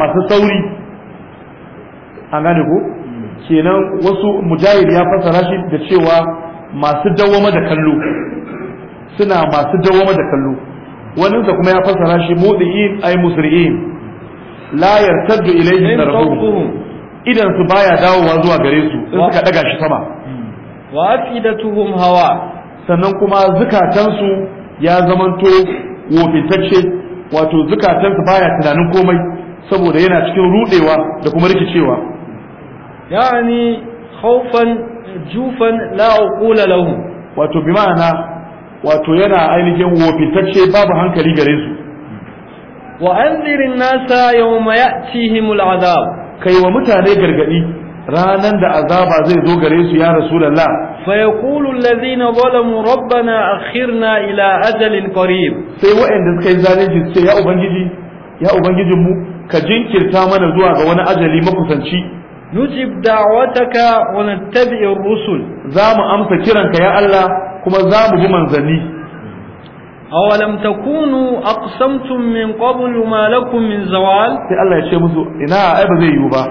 masu sauri an kenan wasu mujahid ya fassara shi da cewa masu dawwama da kallo suna masu dawwama da kallo wannan da kuma ya fassara shi mudiin ay musri'in la yartaddu ilayhi idan su baya dawowa zuwa gare su in suka daga shi sama hmm. wa afidatuhum hawa sannan kuma zukatansu ya zamanto wofintacce wato zukatansu baya tunanin komai saboda yana cikin rudewa da kuma rikicewa yani khawfan jufan la aqula wato bi wato yana ainihin wofintacce babu hankali gare su wa anzirin nasa yawma ya'tihimul azab kai wa mutane gargadi ranar da azaba zai zo gare su ya rasulullah fa yaqulu allazina zalamu rabbana akhirna ila ajalin qarib sai wa'anda suka yi zalunci sai ya ubangiji ya ubangijin mu ka jinkirta mana zuwa ga wani ajali makusanci nujib da'wataka wa nattabi'ir rusul zamu amsa kiran ka ya Allah kuma zamu ji manzanni awalam takunu aqsamtum min qabl ma min zawal sai Allah ya ce musu ina ai ba zai yiwu ba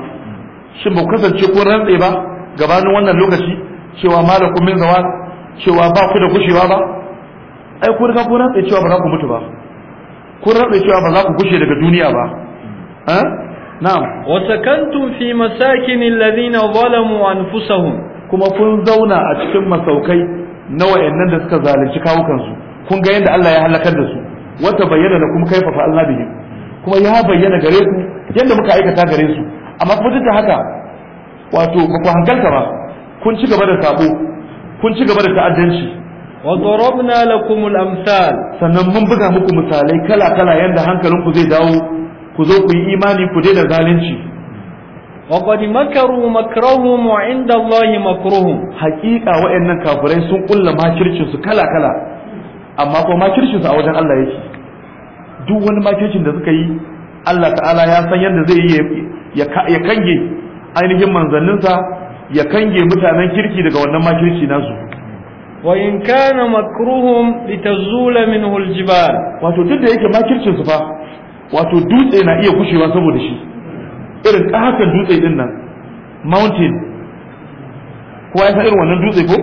shin ba kasance ko rantse ba gabanin wannan lokaci cewa ma min zawal cewa ba ku da gushewa ba ai ku riga ku rantse cewa ba za ku mutu ba ku rantse cewa ba za ku gushe daga duniya ba na'am wa sakantum fi masakin alladhina zalamu anfusahum kuma kun zauna a cikin masaukai na wayannan da suka zalunci kawukansu kun ga yadda Allah ya halakar da su wata bayyana da kuma kaifafa fa Allah bihi kuma ya bayyana gare su yadda muka aikata gare su amma kuma duk da haka wato ba ku hankalta ba kun ci gaba da sabo kun ci gaba da ta'addanci وضربنا لكم الأمثال sannan mun buga muku misalai kala kala yanda hankalinku zai dawo ku zo ku yi imani ku daina zalunci وقد مكروا مكرهم وعند الله مكرهم حقيقة وإن كافرين سن kala ما amma كلا كلا أما كو ما كرشن أوجن الله wani دو da ما yi, Allah الله تعالى yadda zai ya يكنجي ainihin manzanninsa ya kange mutanen kirki daga wannan makirci nasu wa in kana makruhum litazula minhu aljibal wato duk da yake makircin su fa wato dutse na iya gushewa saboda shi irin ƙasan dutse din nan mountain kuwa ya san irin wannan dutse ko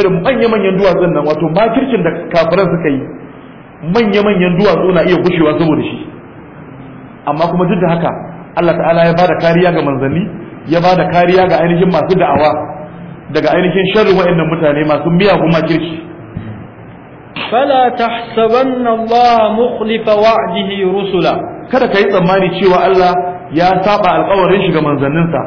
irin manya-manyan duwatsun nan wato makircin da kafiran suka yi manya-manyan duwatsu na iya gushewa saboda shi amma kuma duk da haka Allah ta'ala ya bada kariya ga manzanni ya bada kariya ga ainihin masu da'awa daga ainihin sharri wa'annan mutane masu miyagun makirci fala تحسبن الله مخلف وعده rusula kada kai tsammani cewa Allah ya saba alƙawarin shi ga manzanninsa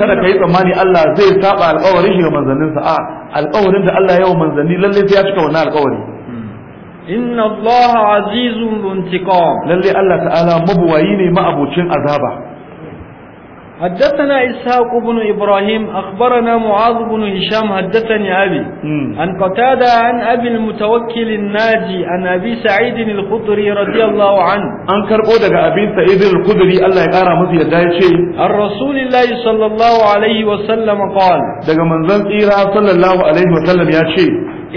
kada kai tsammani Allah zai saba alƙawarin shi ga manzanninsa a alƙawarin da Allah ya yi manzanni lalle sai ya cika wannan alƙawari inna Allah azizun buntiqam lalle Allah ta'ala mabuwayi ne ma'abocin azaba حدثنا إسحاق بن إبراهيم أخبرنا معاذ بن هشام حدثني أبي عن قتادة عن أبي المتوكل الناجي عن أبي سعيد الخدري رضي الله عنه أن كربودك أبي سعيد الخدري الله يقرأ مثل ذلك شيء الرسول الله صلى الله عليه وسلم قال دقى منزل إيرا صلى الله عليه وسلم يا شيء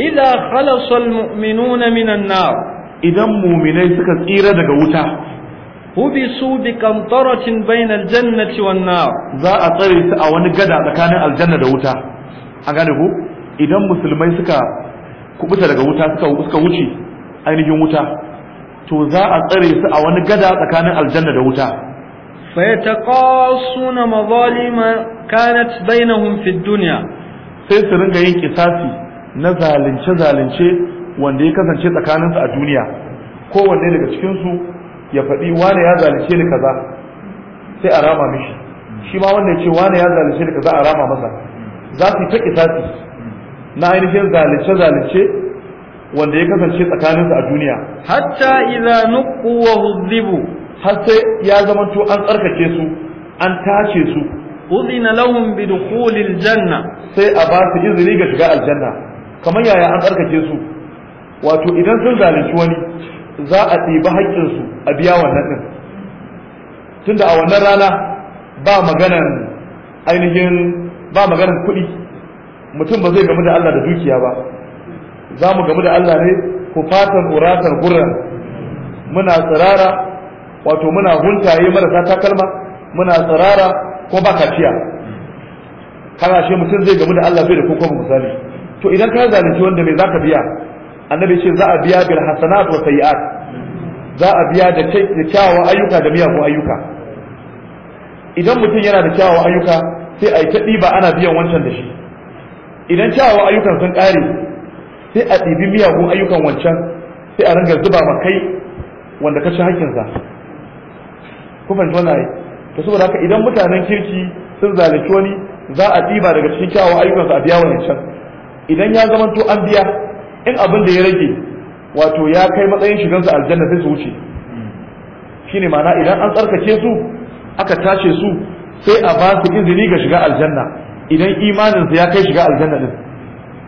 إذا خلص المؤمنون من النار إذا مؤمنين سكت إيرا دقى وتا hubisu bi kamtaratin bainal jannati wan nar za a tsare su a wani gada tsakanin aljanna da wuta an gane ku idan musulmai suka kubuta daga wuta suka suka wuce ainihin wuta to za a tsare su a wani gada tsakanin aljanna da wuta yataqasuna mazalima kanat bainahum fid dunya sai su ringa yin kisasi na zalunce zalunce wanda ya kasance tsakaninsu a duniya kowanne daga cikinsu ya faɗi wane ya zalice ni kaza sai a rama mishi shi ma wanda ya ce wane ya zalice ni kaza a rama masa za su yi ta kisasi na ainihin zalice zalice wanda ya kasance tsakaninsu a duniya hatta idza nuqqu wa hudhibu har sai ya zamanto an tsarkake su an tace su udina lahum bi dukhulil janna sai a ba su izini ga shiga aljanna kamar yaya an tsarkake su wato idan sun zalunci wani za a ɗiba haƙƙinsu a biya wannan ɗin tunda a wannan rana ba maganan ainihin ba maganan kuɗi mutum ba zai gamu da Allah da dukiya ba za mu gamu da Allah ne ku fatan uratar gurran muna tsirara wato muna huntaye marasa takalma muna tsirara ko ba kaciya kana shi mutum zai gamu da Allah zai da ko misali to idan ka zalunci wanda mai zaka biya annabi ce za a biya bil hasanat wa sayiat za a biya da cewa ayyuka da miyagun ayyuka idan mutum yana da kyawawan ayyuka sai a yi ta ɗiba ana biyan wancan da shi idan kyawawan ayyukan sun ƙare sai a ɗibi miyagun ayyukan wancan sai a ringa zuba ma kai wanda ka ci hakkinsa ku fahimci wannan ai to saboda haka idan mutanen kirki sun zalunci wani za a ɗiba daga cikin kyawawan ayyukansa a biya wancan idan ya zama to an biya in abin da ya rage wato ya kai matsayin shigansu aljanna sai su wuce ne ma'ana idan an tsarkake su aka tace su sai a ba su izini ga shiga aljanna idan imaninsu ya kai shiga aljanna din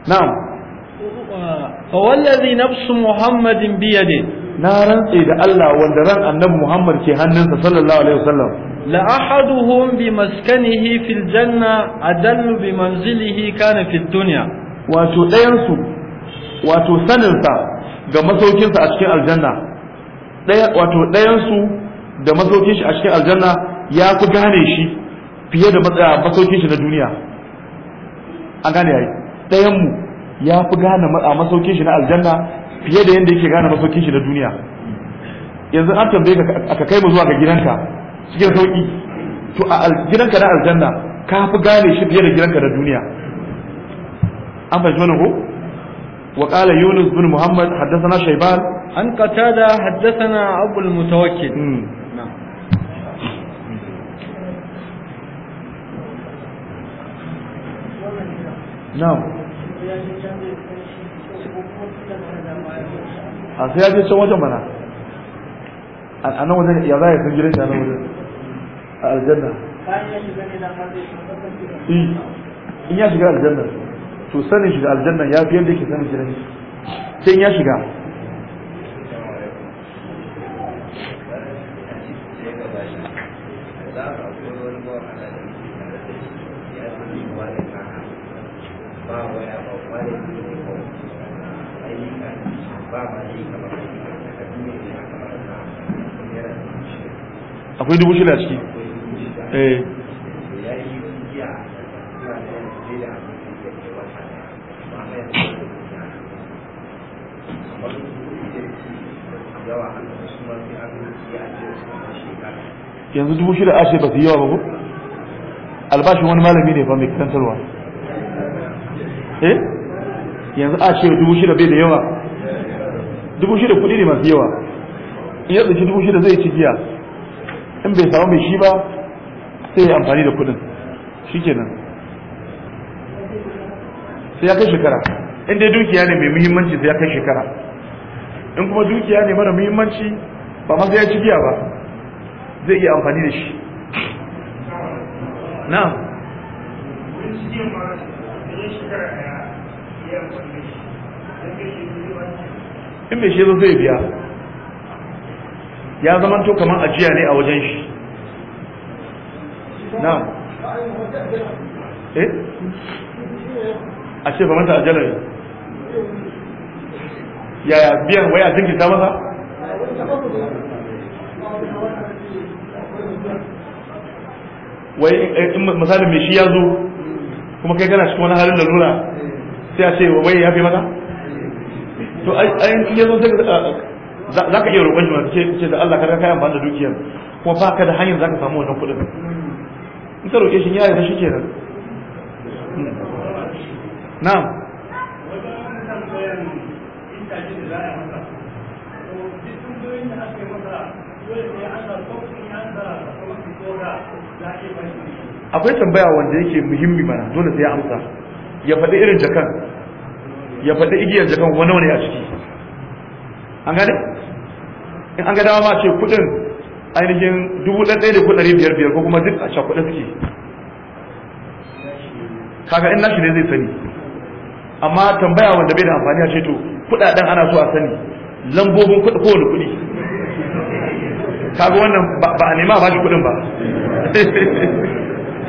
na'am فوالذي نفس محمد بيده na rantse da Allah wanda ran annabi Muhammad ke hannunsa sallallahu alaihi wasallam la ahaduhum bi maskanihi fil janna adallu bi manzilihi kana fid dunya wato ɗayansu. su wato saninsa ga masaukinsa a cikin aljanna wato ɗayansu da masaukin shi a cikin aljanna ya fi gane shi fiye da masaukin shi na duniya an gane yayi ɗayanmu ya fi gane masaukin shi na aljanna fiye da yadda yake gane masaukin shi na duniya yanzu an tambaye ka kai mu zuwa ga gidanka cikin sauki to a gidanka na aljanna ka fi gane shi fiye da gidanka na duniya an fahimci wannan ko وقال يونس بن محمد حدثنا شيبان عن قتادة حدثنا أبو المتوكل نعم نعم a sai ya je can wajen mana a nan wajen ya za ya san a nan wajen a aljanna in ya shiga aljanna to sanin shiga aljanna ya fi yadda yake sanin shiga sai ya shiga akwai dubu shida ciki eh yanzu dubu shida ashe ba su yi yawa ba ko albashin wani malami ne ba mai kantarwa eh yanzu ashe dubu shida bai da yawa dubu shida kuɗi ne masu yawa in yadda shi dubu shida zai ci giya in bai samu mai shi ba sai ya amfani da shi kenan sai ya kai shekara in dai dukiya ne mai muhimmanci sai ya kai shekara in kuma dukiya ne mara muhimmanci ba ma sai ya ci giya ba zai iya amfani da shi na'am in mai shi zai biya ya zama to kamar ajiya ne a wajen shi na'am eh a ce ba mata ajiyar yaya biyan waya jinkita masa wai eh, in misalin mai shi ya zo kuma kai kana cikin wani halin lalura sai a ce wai ya fi mata to ayin ya zo sai ah, za ka iya roƙon jima ce ce da Allah ka kai amfani da dukiyar kuma ba ka da hanyar za ka samu wannan kuɗin in ka roƙe shi ya yi shi kenan hmm. na'am akwai tambaya wanda yake muhimmi mana dole sai ya amsa ya faɗi irin jakan ya faɗi igiyar jakan wani wani a ciki an gane in an ga dama ma ce kuɗin ainihin dubu ɗaya da kudari biyar biyar ko kuma duk a kudin suke kaga in nashi ne zai sani amma tambaya wanda bai da amfani a ceto kudaden ana so a sani lambobin kuɗi kowane kuɗi kaga wannan ba a nema ba shi kuɗin ba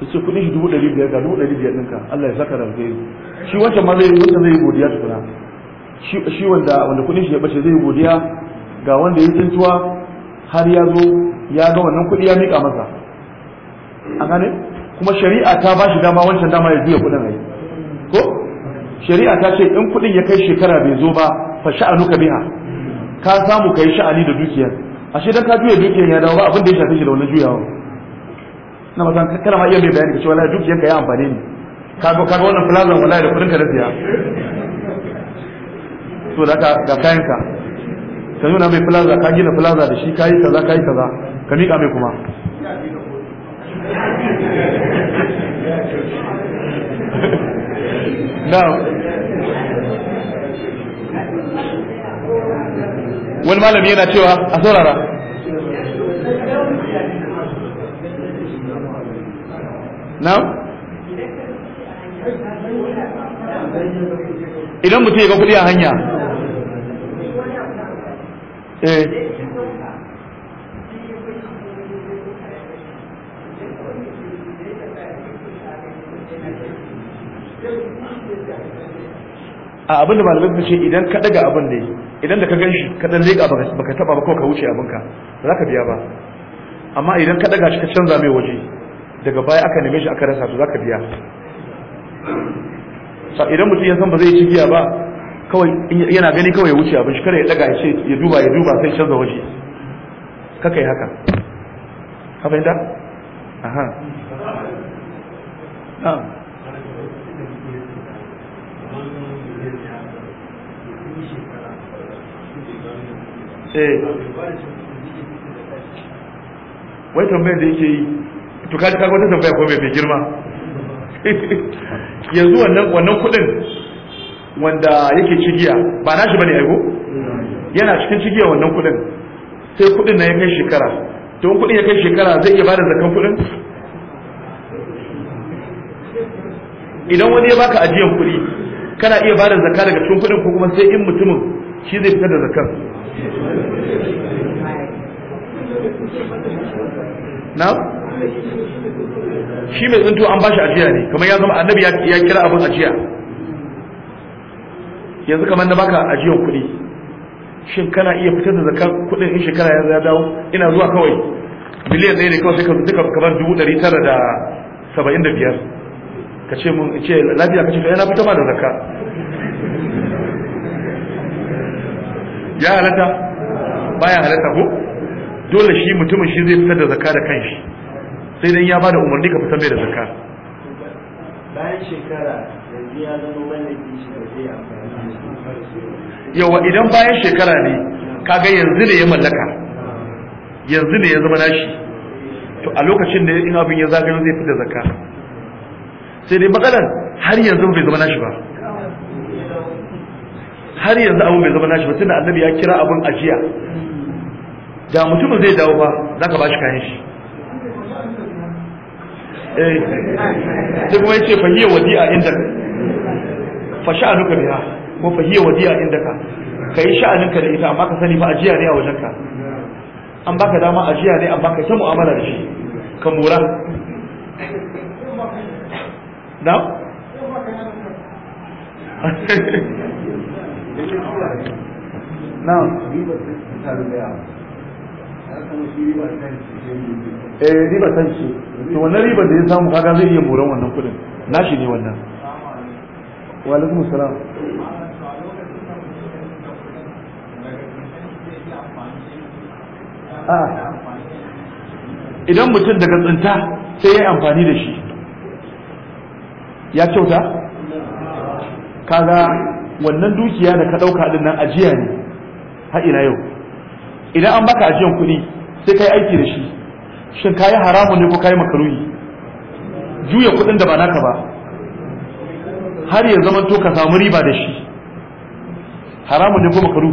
yace kudin shi dubu ɗari biyar ga dubu ɗari biyar ɗinka Allah ya saka da alheri shi wancan ma zai wancan zai godiya tukuna shi wanda wanda kudin shi ya bace zai godiya ga wanda ya tsintuwa har ya zo ya ga wannan kudi ya mika masa a gane kuma shari'a ta ba shi dama wancan dama ya biya kudin ai ko shari'a ta ce in kudin ya kai shekara bai zo ba fa sha'anu ka biha ka samu kai sha'ani da dukiyar ashe dan ka juya dukiyar ya dawo ba abin da ya shafe shi da wannan juyawa na mazan kana ma iya mai bayani cewa lai duk yanka ya amfani ni kago kago wannan plaza wallahi da kudin ka da siya to da ka ga kayan ka ka nuna mai plaza ka gina plaza da shi kayi kaza kayi kaza ka mika mai kuma na'am wani malami yana cewa a saurara na idan mutum ya ga kuɗi a hanya eh a abinda malamai suka ce idan ka daga abin ne idan da ka gan shi ka dan leƙa baka taba ba ko ka wuce abinka ba za ka biya ba amma idan ka daga shi ka canza mai waje daga baya aka neme shi aka rasa su zaka biya idan mutum ya san ba zai ci giya ba kawai yana gani kawai ya wuce abin shi kare ya daga ya ce ya duba ya duba sai canza waje kaka yi haka ka fahimta aha na eh wai tambayar da yake yi to kaji kaga wata tambaya ko bai girma yanzu wannan wannan kudin wanda yake cigiya ba na shi bane aiko. yana cikin cigiya wannan kudin sai kudin na ya kai shekara to kudin ya kai shekara zai iya bada zakan kudin idan wani ya baka ajiyan kudi kana iya bada zakka daga cikin kudin ko kuma sai in mutumin shi zai fitar da zakkan na shi mai tsinto an bashi ajiya ne kamar ya zama annabi ya kira abin ajiya yanzu kamar na baka ajiyar kuɗi shin kana iya fitar da zakar kuɗin in shekara ya dawo ina zuwa kawai miliyan ɗaya ne kawai sai ka duka kamar dubu ɗari tara da saba'in da biyar ka ce mun ce lafiya ka ce ka yana fita ma da zakka ya halatta baya halatta ko dole shi mutumin shi zai fitar da zakka da kanshi sai dai ya bada umarni ka fitar mai da zakka bayan shekara yanzu ya zama mallaki shi da zai amfani yawa idan bayan shekara ne kaga yanzu ne ya mallaka yanzu ne ya zama nashi to a lokacin da in abin ya zagayo zai fita zakka sai dai matsalar har yanzu bai zama nashi ba har yanzu abin bai zama nashi ba tunda annabi ya kira abin ajiya da mutumin zai dawo ba zaka ba shi kayan shi eh sai kuma yace fa hiya wadi'a ka. fa sha'anuka biha ko fa hiya wadi'a Ka kai sha'aninka da ita amma ka sani fa ajiya ne a wajenka an baka dama ajiya ne amma kai ta mu'amala da shi ka mura na na eh riba ta ce to wannan riba da ya samu kaga zai iya moran wannan kudin nashi ne wannan wa alaikum salam ah. idan mutum daga tsinta sai ya yi amfani da shi ya kyauta kaga wannan dukiya da ka ɗauka ɗin nan ajiya ne har ina yau idan an baka ajiyar kuɗi sai kai aiki da shi shin yi haramun ne ko yi makaruhi juya kuɗin da ba naka ba har ya zama to ka samu riba da shi haramun ne ko makaru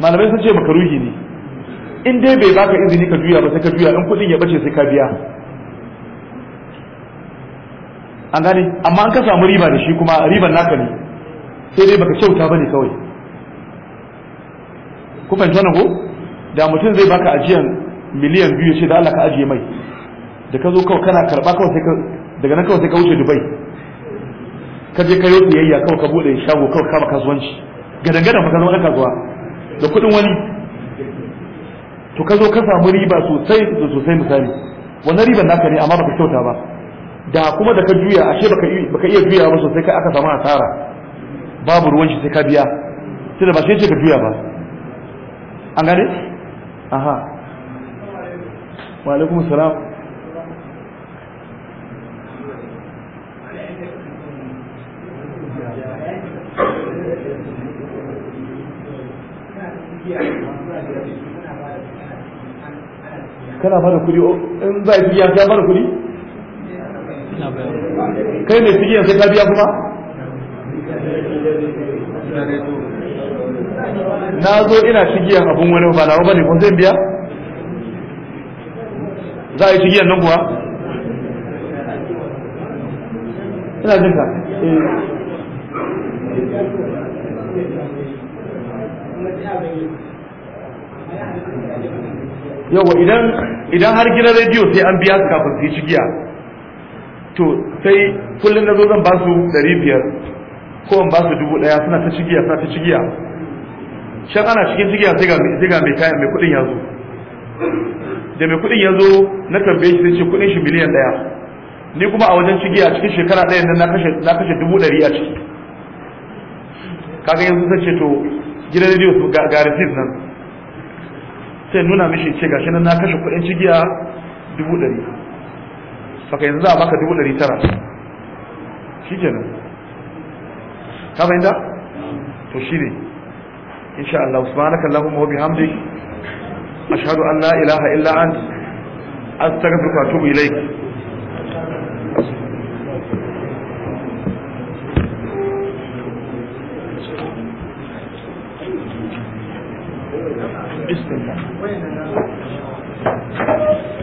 malamai sun ce makaruhi ne in dai bai baka izini ka juya ba sai ka juya in kuɗin ya bace sai ka biya an gane amma an ka samu riba da shi kuma riban naka ne sai dai baka kyauta bane kawai ku fahimci ko da mutum zai baka ajiyan miliyan biyu ce da Allah ka ajiye mai da ka zo kawai kana karba kawai sai ka daga nan kawai sai ka wuce Dubai ka je ka yi siyayya kawai ka bude shago kawai ka kasuwanci gadan gadan ka zama zuwa da kuɗin wani to ka zo ka samu riba sosai da sosai misali wannan riban naka ne amma baka kyauta ba da kuma da ka juya ashe baka baka iya juya ba sosai kai aka samu asara babu ruwan shi sai ka biya sai da ba sai ce ka juya ba an gane aha wa alaikum salam kana fara kudi in za a biya ka fara kudi kai mai fi sai ka biya kuma na zo ina cigiyan abun wani ba na bane kun zan biya za a yi cigiyan nan kuwa ina jin ka eh. yawa idan idan har gina rediyo sai an biya su kafin su yi shigiya to sai kullum na zo zan ba su 500 ko in ba su 1000 suna ta shigiya suna ta shigiya shan ana cikin jigiya sai ga mai kayan mai kudin ya zo da mai kudin ya zo na tambaye shi sai ce kudin shi miliyan daya ni kuma a wajen cikiya cikin shekara daya nan na kashe dubu dari a ciki kaga yanzu sace ce to gidan rediyo su ga receipt nan sai nuna mishi ce gashi nan na kashe kudin cigiya dubu dari saka yanzu za a baka dubu dari tara shi kenan ka fahimta to shi ne insha Allah subhanaka allahumma wa bihamdik ashhadu an la ilaha illa anta astaghfiruka wa atubu بسم الله